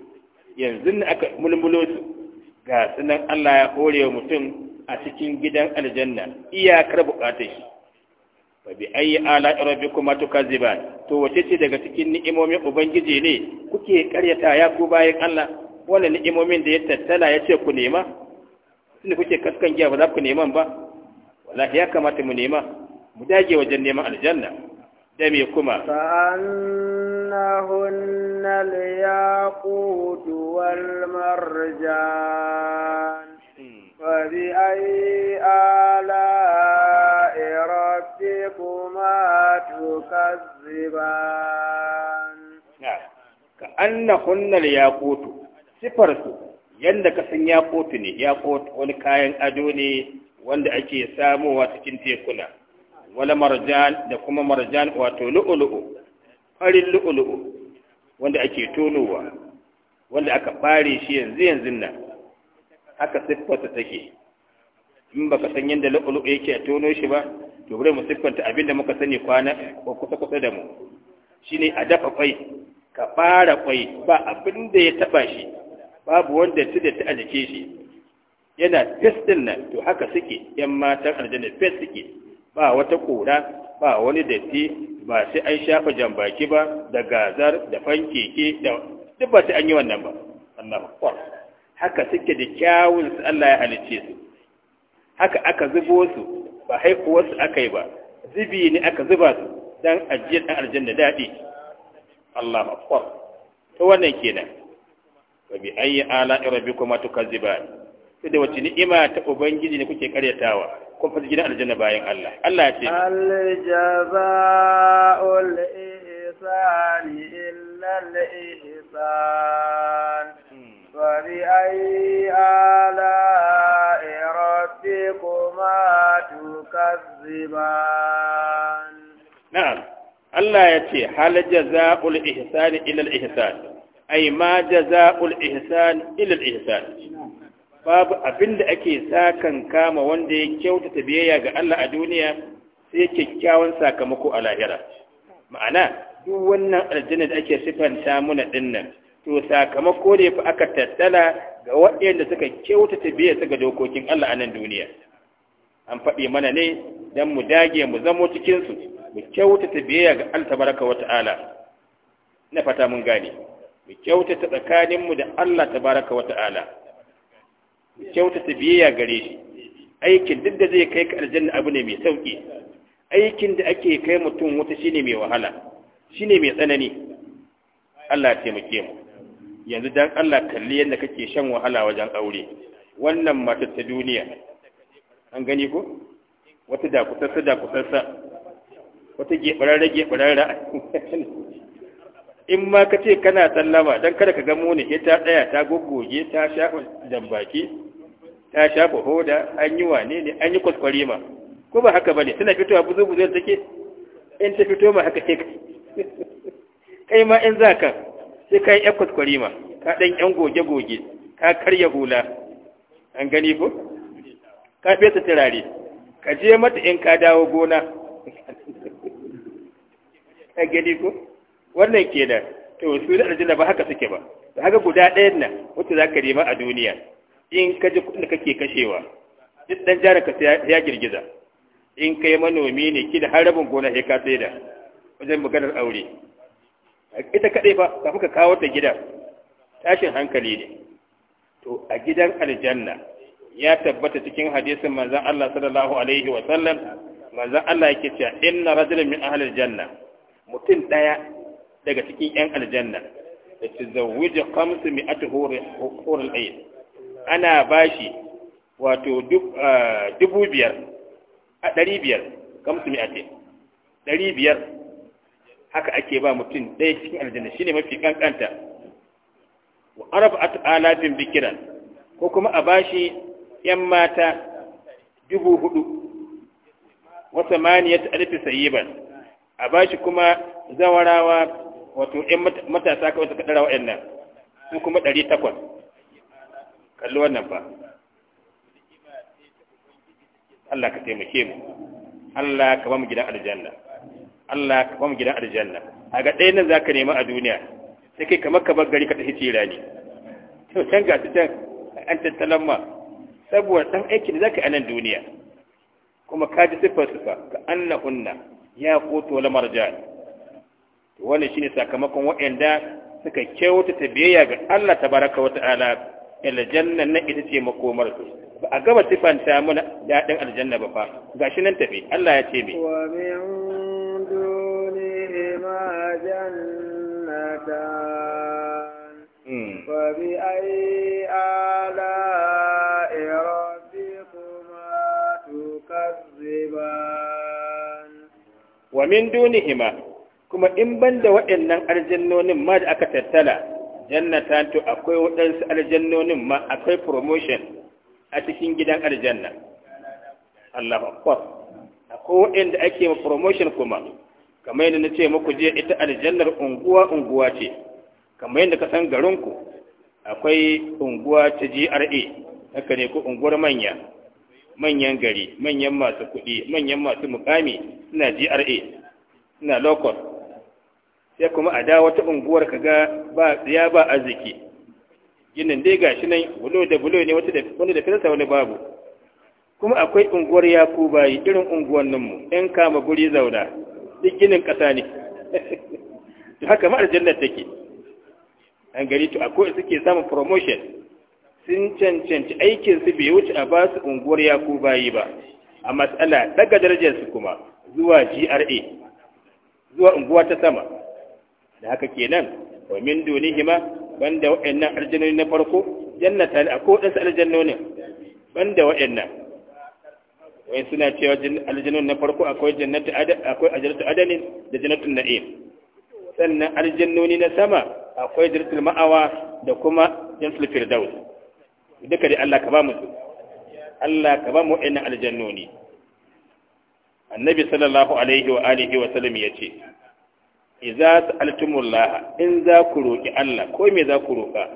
yanzu ne aka mulmulo su ga sunan Allah ya hore mutum a cikin gidan aljanna iyakar bukatar shi fa bi ayi ala rabbikuma tukaziban to wace ce daga cikin ni'imomin ubangiji ne kuke karyata ya ku bayan Allah wannan ni'imomin da ya tattala ya ce ku nema tunda kuke kaskan giya ba za ku neman ba wala ya kamata mu nema mu dage wajen neman aljanna da me kuma فأنهن الياقوت ربكما تكذبان كأنهن الياقوت sifarsu yadda kasan ياقوت ne ياقوت wani kayan ado ne wanda ake سامو cikin tekuna wala marjan da kuma marjan wato lu'ulu'u farin lu'ulu'u wanda ake tonowa wanda aka bare shi yanzu yanzu nan haka siffarsa take in baka san yadda lu'ulu'u yake a tono shi ba to bari mu siffanta abin da muka sani kwana kusa-kusa da mu shine a dafa kwai ka fara kwai ba abin da ya taba shi babu wanda ya da ta a jike shi yana testin nan to haka suke yan matan aljanna fes suke ba wata kora ba wani datti ba sai an shafa jambaki ba da gazar da fankeke da duk ba sai an yi wannan ba Allah akbar haka suke da kyawun Allah ya halicce su haka aka zubo su ba haihuwarsu aka yi ba zubi ne aka zuba su don ajiyar ɗan aljanna daɗi Allah akwai ta wannan kenan ba bi ayi ala irabi kuma tuka ziba su da wacce ni'ima ta ubangiji ne kuke karyatawa kun fasi gidan aljanna bayan Allah Allah ya ce aljaza'ul ihsan illa al ihsan فبأي آلاء ربكما تكذبان نعم الله يتي هل جزاء الإحسان إلى الإحسان أي ما جزاء الإحسان إلى الإحسان babu abin da ake sakan kama wanda ya kyautata biyayya ga Allah a duniya sai kyakkyawan sakamako a lahira ma'ana duk wannan aljanna da ake sifanta muna dinnan to sakamako ne fa aka tattala ga waɗanda suka kyautata biye su ga dokokin Allah a nan duniya an faɗi mana ne dan mu dage mu zamo cikin su mu kyautata biyayya ga Allah tabaraka wa ta'ala na fata mun gane mu kyautata tsakaninmu da Allah tabaraka wa ta'ala mu kyautata biyayya gare shi aikin duk da zai kai ka aljanna abu ne mai sauki aikin da ake kai mutum wata shine mai wahala shine mai tsanani Allah ya taimake mu yanzu dan Allah kalli yadda kake shan wahala wajen aure wannan matar ta duniya an gani ko wata da kutarsa da kutarsa wata gebararra gebararra in ma ka ce kana sallama don kada ka gamo ne ita daya ta goggoge ta shafa dambaki ta shafa hoda an yi wane ne an yi kwaskwari ma ko ba haka ba ne tana fitowa buzu buzu take in ta fito ma haka take kai ma in za ka sai ka yi ‘yan ma ka ɗan ‘yan goge-goge ka karya hula an gani ko ka fesa turare ka je mata in ka dawo gona ka gani ko wannan ke da to su da aljanna ba haka suke ba da haka guda ɗayan nan Wata za ka nema a duniya in ka ji kuɗin da kake kashewa duk ɗan jarin ka ya girgiza in kai manomi ne ki da harabin gona sai ka sai da wajen maganar aure ita kadai ba kafin ka kawo ta gida tashin hankali ne to a gidan aljanna ya tabbata cikin hadisin manzon Allah sallallahu alaihi wa sallam manzon Allah yake cewa inna rajulan min ahli aljanna mutum daya daga cikin yan aljanna da tazawwiju khamsu mi'at hur al-ayn ana bashi wato ah, dubu biyar a ɗari biyar kamsu ɗari biyar haka ake ba mutum ɗaya cikin aljanna shine mafi kankanta wa arba'atu alafin bikiran ko kuma a bashi yan mata dubu hudu wa samaniyat alfi sayyiban a bashi kuma zawarawa wato yan matasa kawai suka dara wa'annan su kuma ɗari takwas kalli wannan fa Allah ka taimake mu Allah ka ba mu gidan aljanna Allah ka ba gidan aljanna a ga ɗaya nan za ka nema a duniya sai kai kamar ka bar gari ka tafi tsira ne to can ga su can an tattalan ma saboda ɗan aikin da za ka yi a nan duniya kuma ka ji siffar su fa ka annahunna ya koto la marjan wannan shine sakamakon waɗanda suka kyauta ta biyayya ga Allah ta baraka wata ala, aljanna nan ita ce makomar su ba a gaba sifanta mana daɗin aljanna ba fa gashi nan tafi Allah ya ce me بينهما جنتان فبأي آلاء kuma in ban da waɗannan aljannonin ma da aka tattala jannata to akwai waɗansu aljannonin ma akwai promotion a cikin gidan aljanna Allah akwai waɗanda ake promotion kuma kamar yadda na ce muku je ita aljannar unguwa unguwa ce kamar yadda ka san garinku akwai unguwa ta GRA haka ne ku unguwar manya manyan gari manyan masu kuɗi manyan masu mukami suna GRA suna local sai kuma a dawo ta unguwar ka ga ba ya ba arziki ginin dai gashi nan bulo da bulo ne wani da filsa wani babu kuma akwai unguwar yakubayi irin unguwanninmu 'yan kama guri zauna duk ginin ƙasa ne to haka ma aljannar take an gari to akwai suke samun promotion sun cancanci aikinsu bai wuce a ba su unguwar ya bayi ba a matsala daga darajarsu kuma zuwa GRA zuwa unguwa ta sama da haka kenan wa min dunihima banda wa'annan aljannoni na farko jannata ne akwai waɗansu aljannonin banda wa'annan wai suna cewa aljanun na farko akwai jannatu akwai ajratu adanin da jannatu na'im sannan aljannuni na sama akwai jannatul ma'awa da kuma jannatul firdaus duka dai Allah ka ba mu su Allah ka ba mu wa'annan aljannuni annabi sallallahu alaihi wa alihi wa sallam yace idza sa'altumullah in za ku roki Allah ko me za ku roka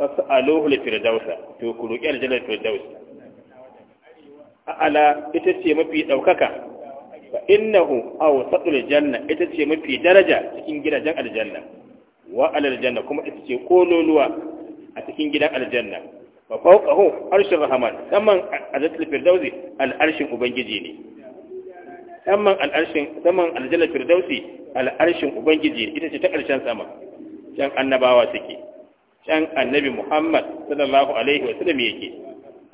fas'aluhu lil firdausa to ku roki aljannatul firdaus ala ita ce mafi ɗaukaka fa innahu awsatul janna ita ce mafi daraja cikin gidajen aljanna wa alal janna kuma ita ce kololuwa a cikin gidan aljanna wa fawqahu arshur rahman saman azatul firdausi al arshin ubangiji ne saman al arshin saman aljanna firdausi al arshin ubangiji ita ce ta karshen sama can annabawa suke can annabi muhammad sallallahu alaihi wa sallam yake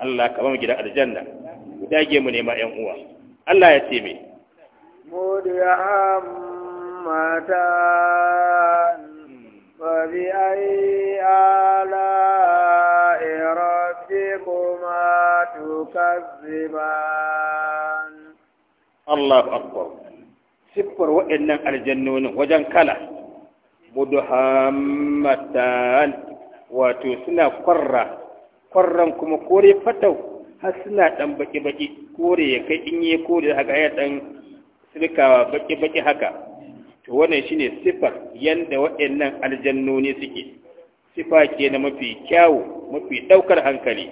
Allah ka ba mu gidan aljanna mu dage mu nema yan uwa Allah ya ce mai modiya mata fa bi ayi ala rabbikuma tukazziban Allahu akbar siffar waɗannan aljannonin wajen kala muduhammatan wato suna kwarra kwarran kuma kore fatau har suna ɗan baki-baki kore ya kai in yi kore haka ya ɗan sirkawa baki-baki haka to wannan shine sifar yanda waɗannan aljannoni suke sifa ke na mafi kyawu mafi ɗaukar hankali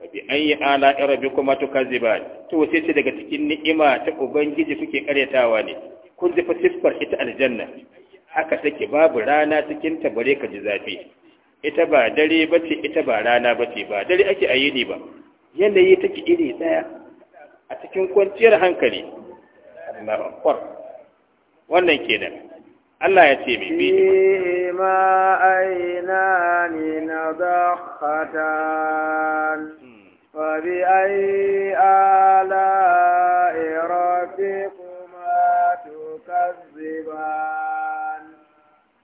mafi an yi ala irabi kuma to ba to sai ce daga cikin ni'ima ta ubangiji kuke karyatawa ne kun ji siffar ita aljanna haka take babu rana cikin ta bare ka ji zafi ita ba dare bace ita ba rana bace ba dare ake ayyini ba yanayi take iri ɗaya a cikin kwanciyar hankali a akbar wannan da, Allah ya ce mai ma aina ni na zakhatan hmm. fari a ai ala rabbikuma tukazziban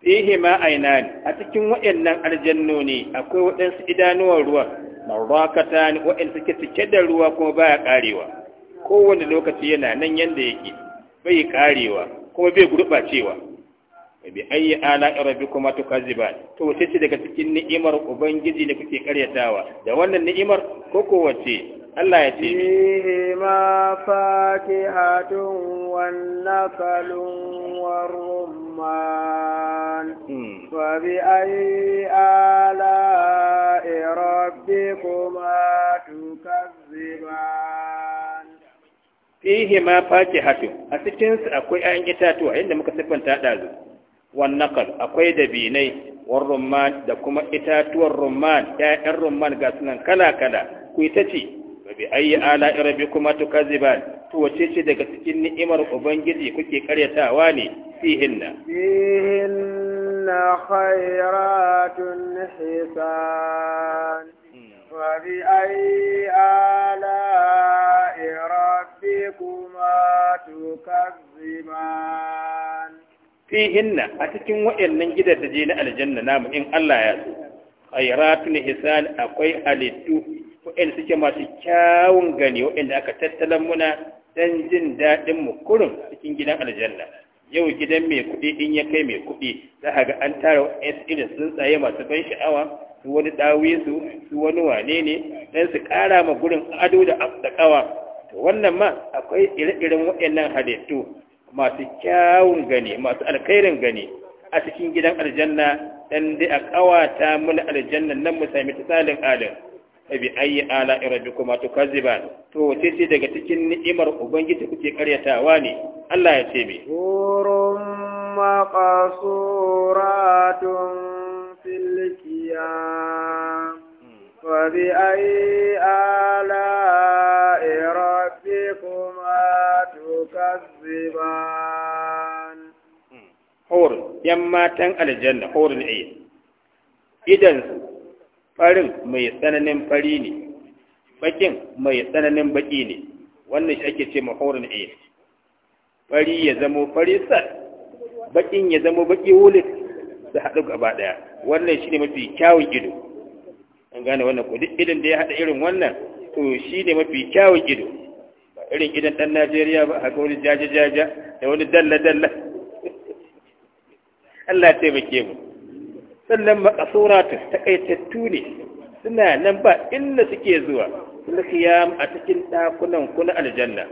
fihi ma aina a cikin waɗannan aljannoni akwai waɗansu idanuwan ruwa marakatan wa'in suke cike da ruwa kuma ba ya karewa kowane lokaci yana nan yanda yake bai karewa kuma bai gurbacewa bai ayi ala rabbikuma kuma to wace ce daga cikin ni'imar ubangiji ne kuke karyatawa da wannan ni'imar ko ko Allah ya ce fihi ma fakihatun wan nakalun warumman fa ayi ala rabbikuma tukazziban fihi ma hatun, a cikinsu su akwai ayan itatuwa inda muka siffanta ɗazu. Wanna kal, akwai dabinai war da kuma itatuwar rumman 'ya'yan rumman ga sunan kala kala ku ita ce babi bi ayi ala rabbikuma tukazziban to wace ce daga cikin ni'imar ubangiji kuke karyatawa ne fihinna fihinna khairatun hisan babi bi ayi ala rabbikuma tukazziban fihinna a cikin da je na aljanna namu in Allah ya so khairatun hisan akwai halittu wa'in suke masu kyawun gani waɗanda aka tattalan muna don jin daɗin mukurin cikin gidan aljanna yau gidan mai kuɗi in ya kai mai kuɗi za a ga an tara waɗansu irin tsuntsaye masu ban sha'awa su wani ɗawi su wani wane ne don su ƙara ma gurin ado da ƙawa to wannan ma akwai ire-iren waɗannan halittu masu kyawun gani masu alkhairin gani a cikin gidan aljanna dan dai a ƙawata mana aljannan nan mu sami tsalin alin bi ayi ala rabbikuma tukazziban to wace ce daga cikin ni'imar ubangiji kuke karyatawa ne Allah ya ce me hurum maqasuratun fil qiyam wa bi ayi ala irabikum tukazziban hur yan matan aljanna hurul ayn idan farin mai tsananin fari ne bakin mai tsananin baki ne wannan shi ake ce mahorin ayin fari ya zamo fari sat bakin ya zamo baki wulit su haɗu gaba ɗaya wannan shi ne mafi kyawun ido an gane wannan ko duk idan da ya haɗa irin wannan to shi ne mafi kyawun ido ba irin idan ɗan najeriya ba haka wani jaje-jaje, da wani dalla-dalla Allah ya taimake mu sannan ta takaitattu ne suna nan ba inda suke zuwa suna kiyam a cikin ɗakunan kuna aljanna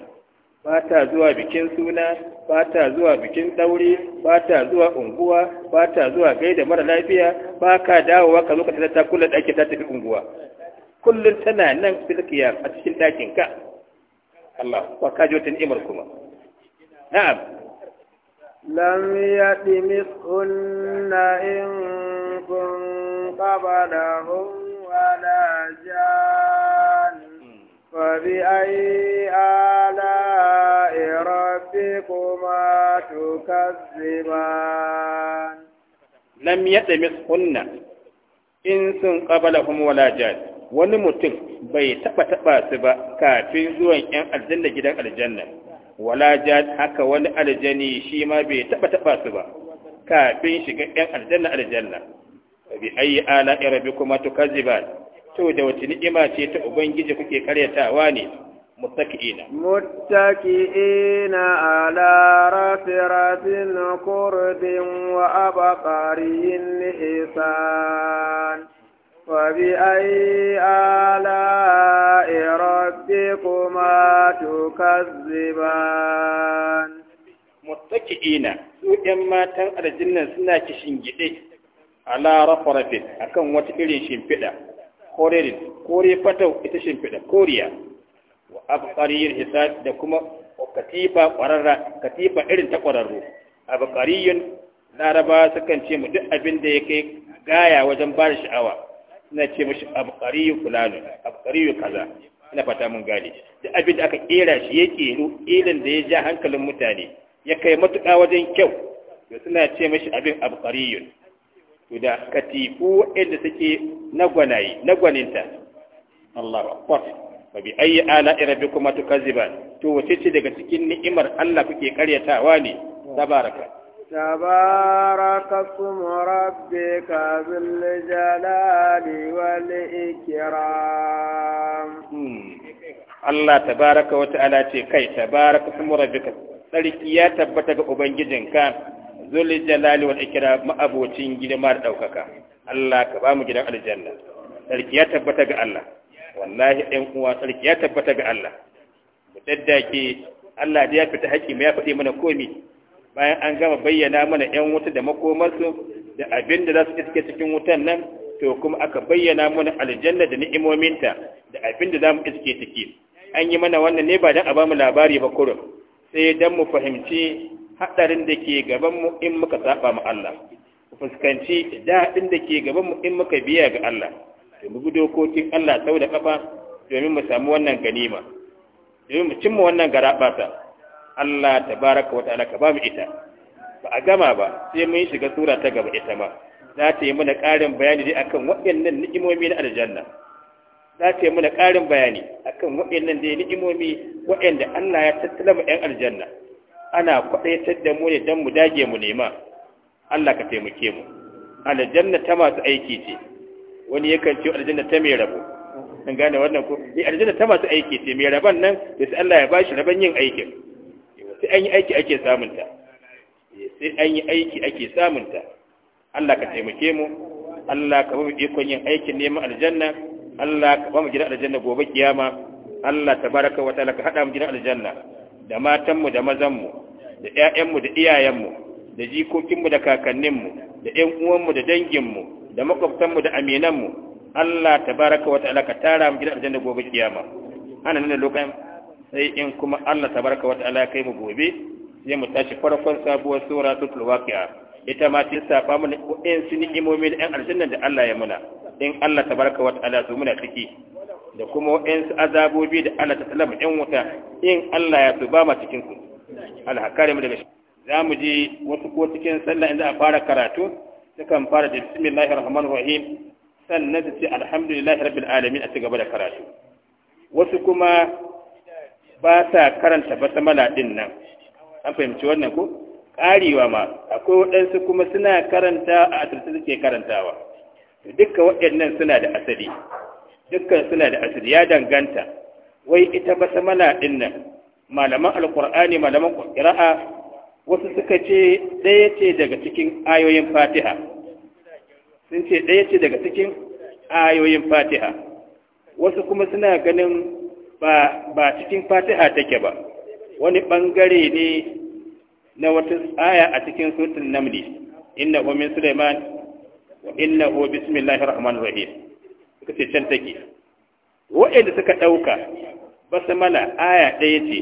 ba ta zuwa bikin suna ba ta zuwa bikin ɗauri, ba ta zuwa unguwa ba ta zuwa gaida mara lafiya ba ka dawowa ka zo ka tana takunan ɗakin ta tafi unguwa kullum tana nan sun a cikin ɗakin ka Allah wa ka ji wata ni'imar kuma na'am lam yaɗi mis'unna in مالك قبلهم ولا جان فبأي آلاء ربكما تكذبان لم يتمسهن قبلهم ولا جان wani mutum bai taɓa taɓa su ba kafin zuwan 'yan aljanna gidan aljanna wala jad haka wani aljani shi ma bai taɓa taɓa su ba kafin shiga 'yan aljanna aljanna bi ayi ala rabbikuma tukazziban to da wata ni'ima ce ta ubangiji kuke karyatawa ne muttaki'ina muttaki'ina ala rafiratin qurdin wa abqariyin nisan. wa bi ayi ala rabbikuma tukazziban muttaki'ina su ɗan matan aljanna suna kishin gide ala rafarafin akan wata irin shimfiɗa korerin kore fatau ita shimfiɗa koriya wa abqariyyin hisab da kuma katifa ƙwararra katifa irin ta ƙwararru abqariyyin laraba sukan ce mu duk abin da ya kai gaya wajen ba da sha'awa suna ce mashi abqariyyu fulani abqariyyu kaza ina fata mun gane duk abin da aka kera shi ya keru irin da ya ja hankalin mutane ya kai matuƙa wajen kyau to suna ce mashi abin abqariyyin guda katifu inda suke na gwanaye na gwaninta Allah, akbar fa bi ayi ala rabbikuma tukazziban to wace ce daga cikin ni'imar Allah kuke karyatawa ne tabaraka Tabaraka تبارك jalali wal ikram hmm. Allah tabaraka الله تبارك ce kai tabaraka sum rabbika Sarki ya tabbata ga Ubangijinka zulil jalali wa ikram ma'abocin girma da daukaka Allah ka ba mu gidan aljanna sarki ya tabbata ga Allah wallahi ɗan uwa sarki ya tabbata ga Allah mu daddake Allah da ya fita haƙi ya faɗi mana komi bayan an gama bayyana mana ƴan wuta da makomarsu da abin da za su iske cikin wutan nan to kuma aka bayyana mana aljanna da ni'imominta da abin da za mu iske ciki an yi mana wannan ne ba don a ba mu labari ba kurum sai don mu fahimci haɗarin da ke gaban mu in muka saba ma Allah ku fuskanci daɗin da ke gaban mu in muka biya ga Allah to mu bi dokokin Allah sau da kafa domin mu samu wannan ganima domin mu cimma wannan garabata Allah tabaraka wa ta'ala ka ba mu ita ba a gama ba sai mun shiga sura ta gaba ita ma za ta yi mana ƙarin bayani dai akan waɗannan ni'imomi na aljanna za ta yi mana ƙarin bayani akan waɗannan dai ni'imomi waɗanda Allah ya tattala ma ƴan aljanna ana kwaɗaitar da mu ne don mu dage mu nema Allah ka taimake mu aljanna ta masu aiki ce wani yakan ce aljanna ta mai rabo an gane wannan ko eh aljanna ta masu aiki ce mai raban nan da sai Allah ya bashi raban yin aikin sai an yi aiki ake samun ta eh, sai an yi aiki ake samun ta Allah ka taimake mu Allah ka ba mu ikon yin aikin neman aljanna Allah ka ba mu gidan aljanna gobe kiyama Allah tabaraka wa ta'ala ka hada mu gidan aljanna da matanmu da mazanmu da ‘ya'yanmu da iyayenmu da jikokinmu da kakanninmu da ‘yan uwanmu da danginmu da makwabtanmu da aminanmu Allah baraka wa ta'ala ka tara mu gidan aljanna gobe kiyama ana nuna lokacin sai in kuma Allah ta baraka wa ta'ala kai mu gobe sai mu tashi farkon sabuwar sura suratul waqi'a ita ma ta safa mu ko sun su imomi da ‘yan aljanna da Allah ya muna in Allah ta baraka wa ta'ala su muna ciki da kuma waɗansu azabobi da Allah ta sallama ‘yan wuta in Allah ya su ba ma cikinku alhakari mu daga shi za mu je wasu ko cikin sallah inda a fara karatu sukan fara da bismillahir rahmanir rahim sannan su ce alhamdulillahi rabbil alamin a ci gaba da karatu wasu kuma ba sa karanta basmala din nan an fahimci wannan ko karewa ma akwai waɗansu kuma suna karanta a asirce suke karantawa dukkan waɗannan suna da asali dukkan suna da asiri ya danganta wai ita basmala din nan malaman alqur'ani malaman qira'a wasu suka ce ɗaya ce daga cikin ayoyin fatiha sun ce ɗaya ce daga cikin ayoyin fatiha wasu kuma suna ganin ba cikin fatiha take ba wani ɓangare ne na wata aya a cikin sutun namli inna min suleiman wa inna bismillahir rahmanir rahim suka ce can take waɗanda suka ɗauka mana aya ɗaya ce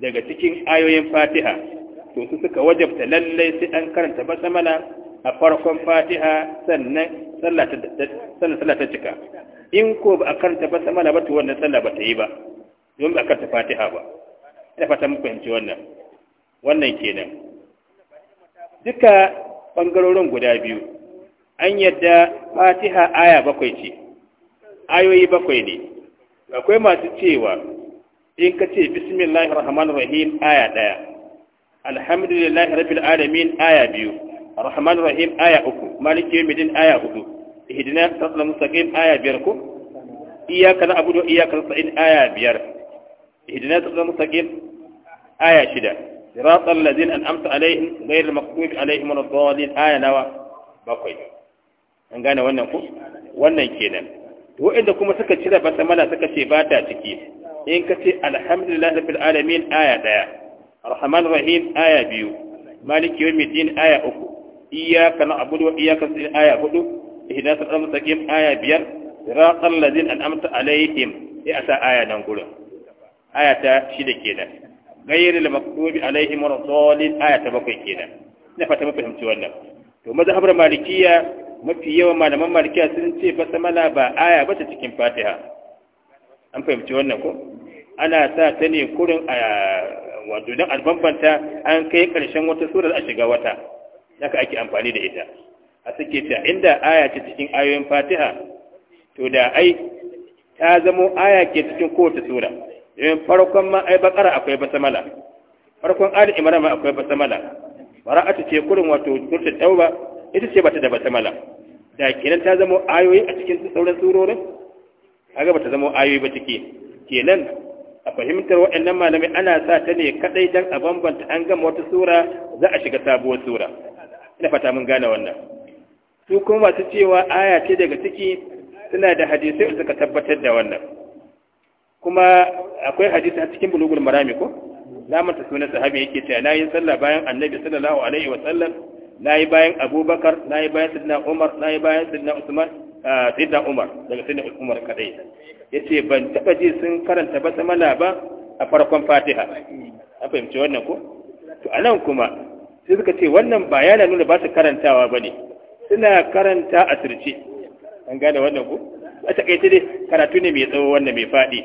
daga cikin ayoyin fatiha to su suka wajabta lallai sai an karanta mana a farkon fatiha sannan sallah ta cika in ko ba a karanta mana ba to wannan sallah ba ta yi ba don ba a karanta fatiha ba ina fata muku fahimci wannan wannan kenan duka ɓangarorin guda biyu an yadda fatiha aya bakwai ce ayoyi bakwai ne akwai masu cewa in ka ce bismillahir rahmanir rahim aya daya alhamdulillahi rabbil alamin aya biyu rahmanir rahim aya uku maliki yawmiddin aya hudu ihdina siratal mustaqim aya biyar ko iyyaka na'budu wa iyyaka nasta'in aya biyar ihdina siratal mustaqim aya shida siratal ladzina an'amta alaihim ghayril maghdubi alaihim waladdallin aya nawa bakwai an gane wannan ku wannan kenan wa'inda kuma suka cire mana suka ce ba ta ciki in ka ce alhamdulillah rabbil alamin aya ɗaya arhaman rahim aya biyu maliki midin aya uku iyyaka na'budu wa iyyaka nasta'in aya hudu ihdinas siratal mustaqim aya biyar siratal ladzina an'amta alaihim sai asa aya nan gurin aya ta shida kenan gairil maktubi alaihim wa rasulin aya ta bakwai kenan na fata mu fahimci wannan to mazhabar malikiya mafi yawan malaman malikiya sun ce fasamala ba aya ba ta cikin fatiha an fahimci wannan ko ana sa ta ne kurin a wato don albambanta an kai karshen wata surar a shiga wata haka ake amfani da ita a suke ta inda aya ce cikin ayoyin fatiha to da ai ta zamo aya ke cikin kowace sura domin farkon ma ai bakara akwai basamala farkon ali imran ma akwai basamala ta ce kurin wato kurta tauba ita ce bata da basmala da kenan ta zama ayoyi a cikin sauran surorin kaga bata zama ayoyi ba ciki kenan a fahimtar wa'annan malamai ana sa ta ne kadai dan a bambanta an gama wata sura za a shiga sabuwar sura ina fata mun gane wannan su kuma masu cewa aya ce daga ciki suna da hadisai suka tabbatar da wannan kuma akwai hadisi a cikin bulugul marami ko lamanta sunan sahabi yake cewa na sallah bayan annabi sallallahu alaihi wa sallam na yi bayan abubakar na yi bayan sidna umar na yi bayan sidna usman ah, sidna umar daga sidna umar kadai ya ce ban taɓa ji sun karanta ba samana ba a farkon fatiha an fahimci wannan ko to a nan kuma sai suka ce wannan ba yana nuna ba su karantawa ba ne suna karanta a sirce an gane wannan ko a takaice dai karatu ne mai tsawo wannan mai faɗi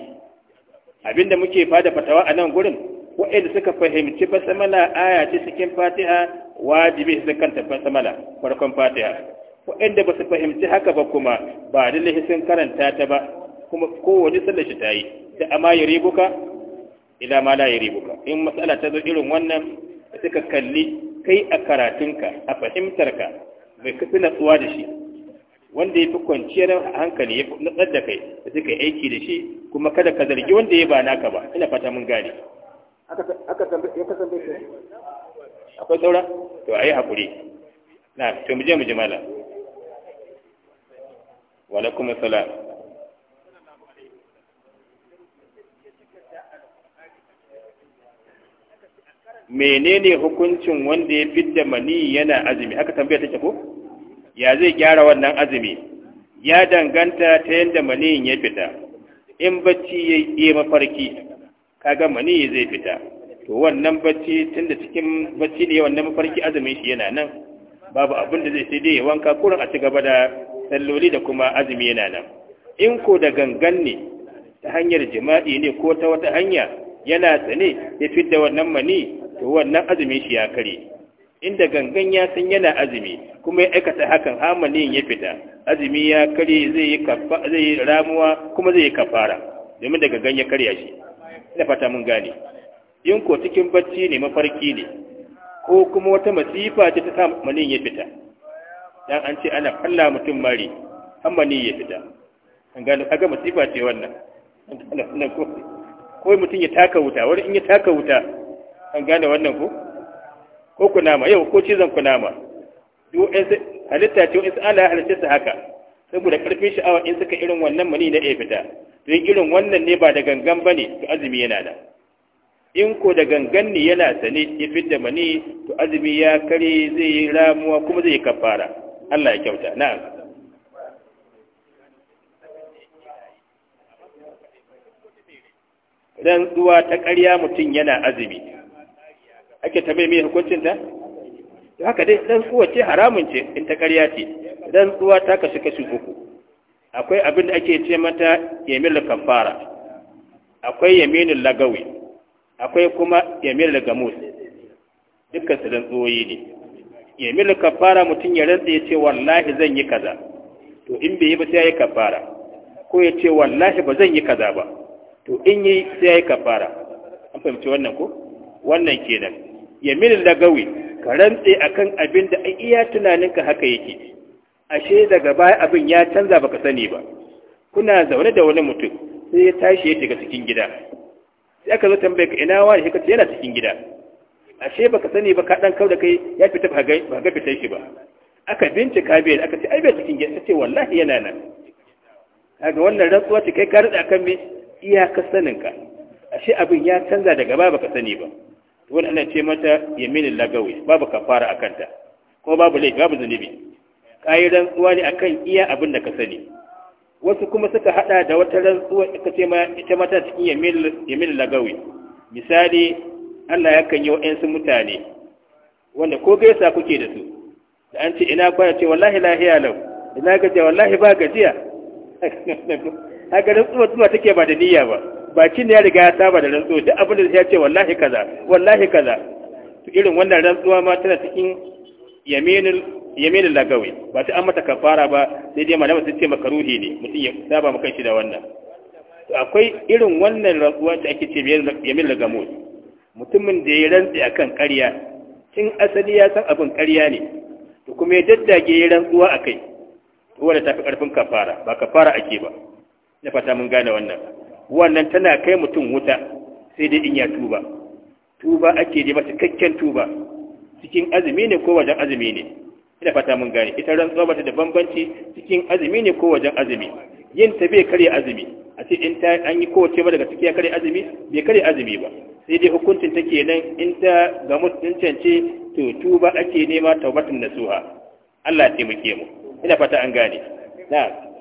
abinda muke fada fatawa a nan gurin waɗanda suka fahimci basmala aya ce cikin fatiha wajibi su kanta basmala farkon fatiha waɗanda ba su fahimci haka ba kuma ba da sun karanta ta ba kuma kowace sallar shi ta yi da amma ya ribuka ila ma la ya ribuka in matsala ta zo irin wannan da suka kalli kai a karatunka a fahimtarka mai kafi natsuwa da shi wanda ya fi kwanciyar hankali ya natsar da kai da suka aiki da shi kuma kada ka zargi wanda ya ba naka ba ina fata mun gane akwai saura to a yi hakuri na to mu je mu ji malam kuma alaikum menene hukuncin wanda ya fidda mani yana azumi aka tambaya take ko ya zai gyara wannan azumi ya danganta ta yadda maniyin ya fita in bacci ya yi mafarki Ka kaga mani zai fita to wannan bacci tunda cikin bacci ne wannan mafarki azumin shi yana nan babu abin da zai sai dai wanka kurin a cigaba da salloli da kuma azumi yana nan in ko da gangan ne ta hanyar jima'i ne ko ta wata hanya yana sane ya fidda wannan mani to wannan azumin shi ya kare inda gangan ya san yana azumi kuma ya aikata hakan hamanin ya fita azumi ya kare zai yi ramuwa kuma zai yi kafara domin da gangan ya karya shi ina fata mun gane in ko cikin bacci ne mafarki ne ko kuma wata masifa ce ta sa manin ya fita dan an ce ana falla mutum mari an manin ya fita an gano kaga masifa ce wannan ko mutum ya taka wuta wani in ya taka wuta an gane wannan ko ko kunama yau ko cizon kunama duk halitta ce wani ala halitta haka saboda karfin sha'awa in suka irin wannan mani na iya fita to in irin wannan ne ba da gangan ba ne to azumi yana da. in ko da gangan ne yana sane ya fidda mani to azumi ya kare zai yi ramuwa kuma zai yi kafara Allah ya kyauta dan rantsuwa ta ƙarya mutum yana azumi ake ta mai hukuncin ta haka dai rantsuwa ce haramun ce in ta ƙarya ce rantsuwa ta kashi kashi uku akwai abin da ake ce mata yamil kafara akwai yaminin lagawi akwai kuma yamil gamus dukkan su tsoyi ne yamil kafara mutum ya rantsa ya ce wallahi zan yi kaza to in bai yi ba sai ya yi kafara ko ya ce wallahi ba zan yi kaza ba to in yi sai ya yi kafara an fahimci wannan ko wannan kenan yamil lagawi ka rantsa akan abin da iya tunaninka haka yake ashe daga baya abin ya canza baka sani ba kuna zaune da wani mutum sai ya tashi ya shiga cikin gida sai aka zo tambaye ka ina wani shekaci yana cikin gida ashe baka sani ba ka dan da kai ya fita ba ga fita shi ba aka bincika bai aka ce ai bai cikin gida sai wallahi yana nan kaga wannan rantsuwa ce kai ka rada kan me iyaka saninka ashe abin ya canza daga baya baka sani ba wannan ana ce mata yaminin lagawi babu kafara akanta ko babu laifi babu zunubi kayi rantsuwa ne akan iya abin da ka sani wasu kuma suka hada da wata rantsuwa ita ce ma ita mata cikin yamil lagawi misali Allah yakan yi su mutane wanda ko gaisa kuke da su da an ce ina kwana ce wallahi lahiya lau ina gajiya wallahi ba gajiya haka rantsuwa tuma take ba da niyya ba Ba kin ya riga ya saba da rantsuwa duk abin da ya ce wallahi kaza wallahi kaza irin wannan rantsuwa ma tana cikin yaminul yamin lagawi ba sai an mata kafara ba sai dai malama sun ce makaruhi ne mutum ya saba maka shi da wannan to akwai irin wannan rantsuwa da ake ce yamin lagamus mutumin da ya rantsi akan karya. cin asali ya san abin karya ne to kuma ya daddage ya rantsuwa akai to wanda tafi karfin kafara ba kafara ake ba na fata mun gane wannan wannan tana kai mutum wuta sai dai in ya tuba tuba ake dai ba cikakken tuba cikin azumi ne ko wajen azumi ne ina fata mun gane ita tsoba ta da bambanci cikin azumi ne ko wajen azumi yin ta bai karya azumi a ce in ta an yi kowace ba daga ciki ya karya azumi bai karya azumi ba sai dai hukuncin ta kenan in ta ga mutuncance to tuba ake nema taubatun nasuha Allah ya taimake mu ina fata an gane na'am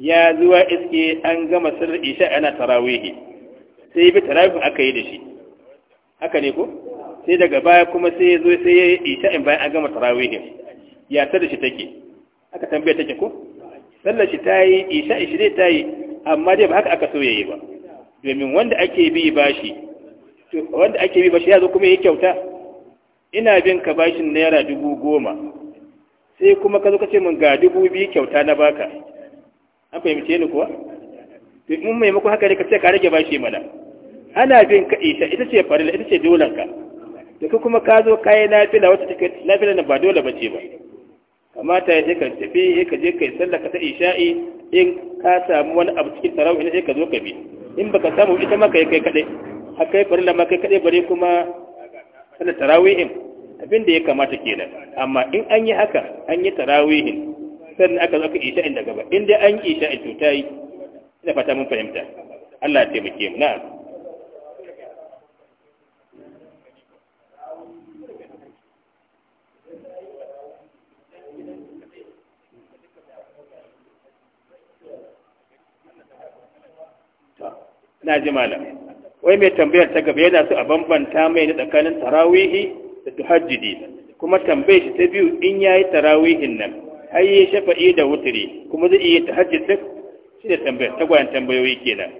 ya zuwa iske an gama sirri isha ana tarawihi sai bi tarawihin aka yi da shi haka ne ko sai daga baya kuma sai ya zo sai ya yi isha in bayan an gama tarawihi ya da shi take aka tambaya take ko sallar shi ta yi isha ishirin ta yi amma dai ba haka aka so ya yi ba domin wanda ake bi bashi wanda ake bi bashi ya zo kuma ya kyauta ina bin ka bashin naira dubu goma sai kuma ka zo ka ce min ga dubu biyu kyauta na baka an fahimce ni kuwa to in maimako haka ne ka ce ka rage bashi mana ana bin ka isa ita ce farila ita ce dolan ka da ka kuma ka zo kayi lafila wata take lafila na ba dole bace ba kamata ya je ka tafi ya ka je kai sallaka ta isha'i in ka samu wani abu cikin tarawih ne sai ka zo ka bi in baka samu ita ma kai kai kadai kai farila ma kai kadai bare kuma sallar tarawihin abin da ya kamata kenan amma in an yi haka an yi tarawihin sannan aka zo ka isa inda gaba in dai an isha'in to ta yi ina fata mun fahimta Allah ta taimake na na ji malam wai mai tambayar ta gaba yana su a bambanta mai na tsakanin tarawihi da tuhajjidi kuma tambayar shi ta biyu in yayi tarawihin nan har yi shafa'i da wuturi kuma zai iya ta hajji duk shi da tambayar tagwayen tambayoyi kenan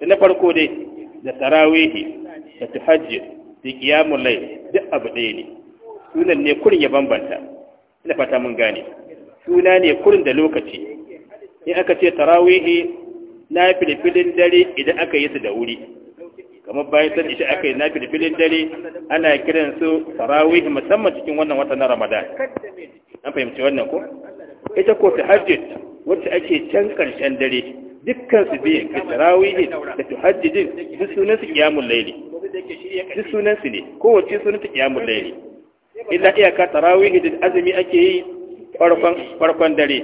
ta na farko dai da tarawehi da ta hajji da kiyamun lai duk abu ɗaya ne sunan ne kurin ya bambanta ina fata mun gane suna ne kurin da lokaci in aka ce tarawehi na filfilin dare idan aka yi su da wuri kamar bayan san isha aka yi na filfilin dare ana kiransu tarawehi musamman cikin wannan wata na ramadan an fahimci wannan ko ita ko hajji wacce ake can karshen dare dukkan su biyan ka tarawihi da ta tahajjudin duk sunan su kiyamun laili duk sunan su ne kowace sunan ta kiyamun laili illa iyaka tarawih da azumi ake yi farkon farkon dare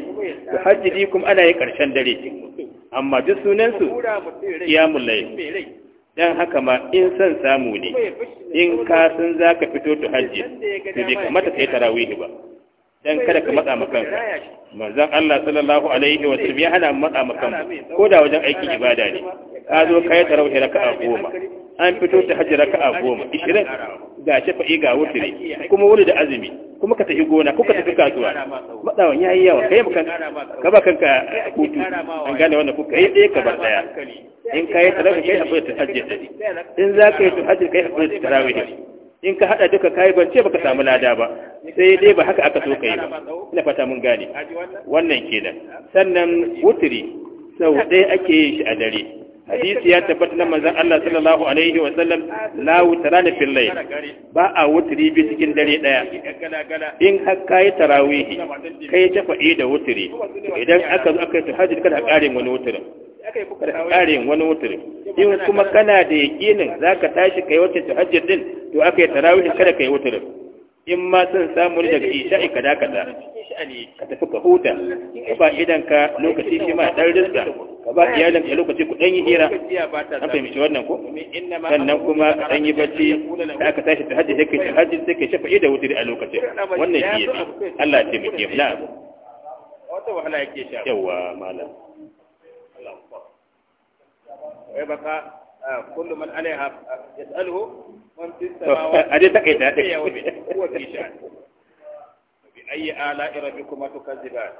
tahajjudi kuma ana yi karshen dare amma duk sunan su kiyamun laili dan haka ma in san samu ne in ka san zaka fito tahajjud to bai kamata kai tarawih ba dan kada ka matsa maka manzon Allah sallallahu alaihi wa sallam ya hana matsa maka ko da wajen aikin ibada ne ka zo kai tarawih raka'a goma an fito ta hajji raka'a goma 20 ga shafa'i ga wutri kuma wuri da azumi kuma ka tafi gona ko ka tafi kasuwa matsawan yayi yawa kai baka ka ba kanka hutu an gane wannan ko kai dai ka bar daya in kai tarawih kai akwai ta hajji in za ka yi ta kai kai akwai tarawih in ka hada duka kai ban ce baka samu lada ba sai dai ba haka aka so kai ba ina fata mun gane wannan kenan sannan wutri sau ɗaya ake yin shi a dare hadisi ya tabbata na manzon Allah sallallahu alaihi wa sallam la wutrana fil layl ba a wutri bi cikin dare daya in har kai tarawih kai tafa'i da wuturi. idan aka zo aka yi tahajjud kada ka ƙarin wani wutrin ƙarin wani wuturi in kuma kana da yakinin za ka tashi ka yi wata tahajjud din to aka yi tarawih kada kai wuturi in ma sun samu ne daga isha'i ka dakata. ka tafi ka huta ka ba idanka lokaci shi ma ɗan rizka ka ba iyalin iyalinka lokaci ku dan yi hira an fahimci wannan ku. sannan kuma ka dan yi bacci da aka tashi ta tahajjud sai kai tahajjud sai kai shafa'i da wuturi a lokacin wannan shi fi. Allah ya taimake mu na wata wahala yake sha yawa malam ويبقى آه، كل من عليها آه، يسأله من في آه، السماوات هو في شأن فبأي آلاء ربكما تكذبان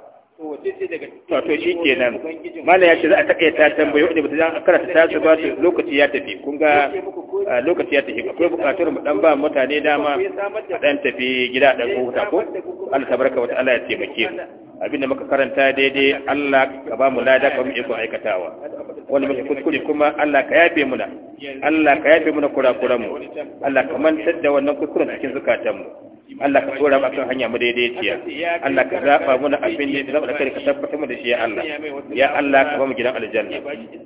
wato shi kenan malam ya ce za a takaita tambayo ne bata zan karanta ta su ba su lokaci ya tafi kun ga lokaci ya tafi akwai bukatar mu dan ba mutane dama a dan tafi gida dan huta ko Allah tabaraka wa ta'ala ya taimake mu abinda muka karanta daidai Allah ka ba mu lada kuma iko aikatawa wanda muka kuskure kuma Allah ka yafe muna Allah ka yafe muna kurakuran mu Allah ka mantar da wannan kuskuren cikin zukatan mu Allah ka tsora mu kan hanya mu daidaiciya Allah ka zaba mu na abin da zaba da kai ka tabbatar mu da shi ya Allah ya Allah ka ba mu gidan aljanna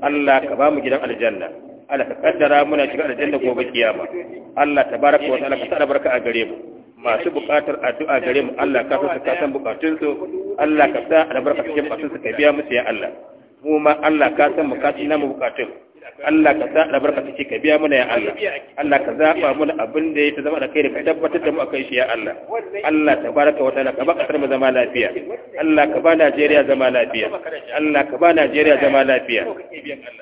Allah ka ba mu gidan aljanna Allah ka kaddara muna shiga aljanna gobe kiyama Allah tabaraka wa ta'ala ka sa barka a gare mu masu buƙatar addu'a gare mu Allah ka san ka san buƙatunsu Allah ka sa albarka cikin su ka biya musu ya Allah mu ma Allah ka san buƙatun namu buƙatun Allah ka sa albarka take ka biya mana ya Allah Allah ka zaba mana abin da ya ta zama da kai da ka tabbatar da mu akai shi ya Allah Allah tabaraka wa ta'ala ka ba kasar mu zama lafiya Allah ka ba Najeriya zama lafiya Allah ka ba Najeriya zama lafiya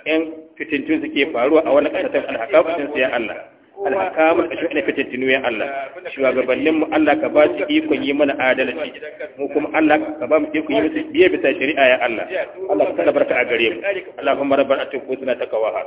in fitintun suke faruwa a wani kasar ta alhaka ya Allah alhakama da shuɗin fitattunu ya Allah shugabanninmu Allah ka ba su ikon yi mana adalci mu kuma Allah ka ba mu ikon yi musu biye bisa shari'a ya Allah Allah ka barka a gare mu Allahumma rabbana atina husna taqwaha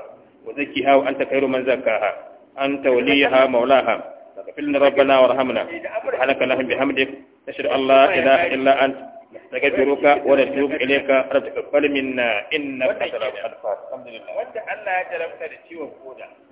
wa zakkiha wa anta khairu man zakkaha anta waliyaha maulaha فاغفر لنا ربنا وارحمنا سبحانك اللهم بحمدك نشهد ان لا اله الا انت نستغفرك ونتوب اليك رب تقبل منا انك انت الغفور الحمد لله wanda Allah ya jarabta da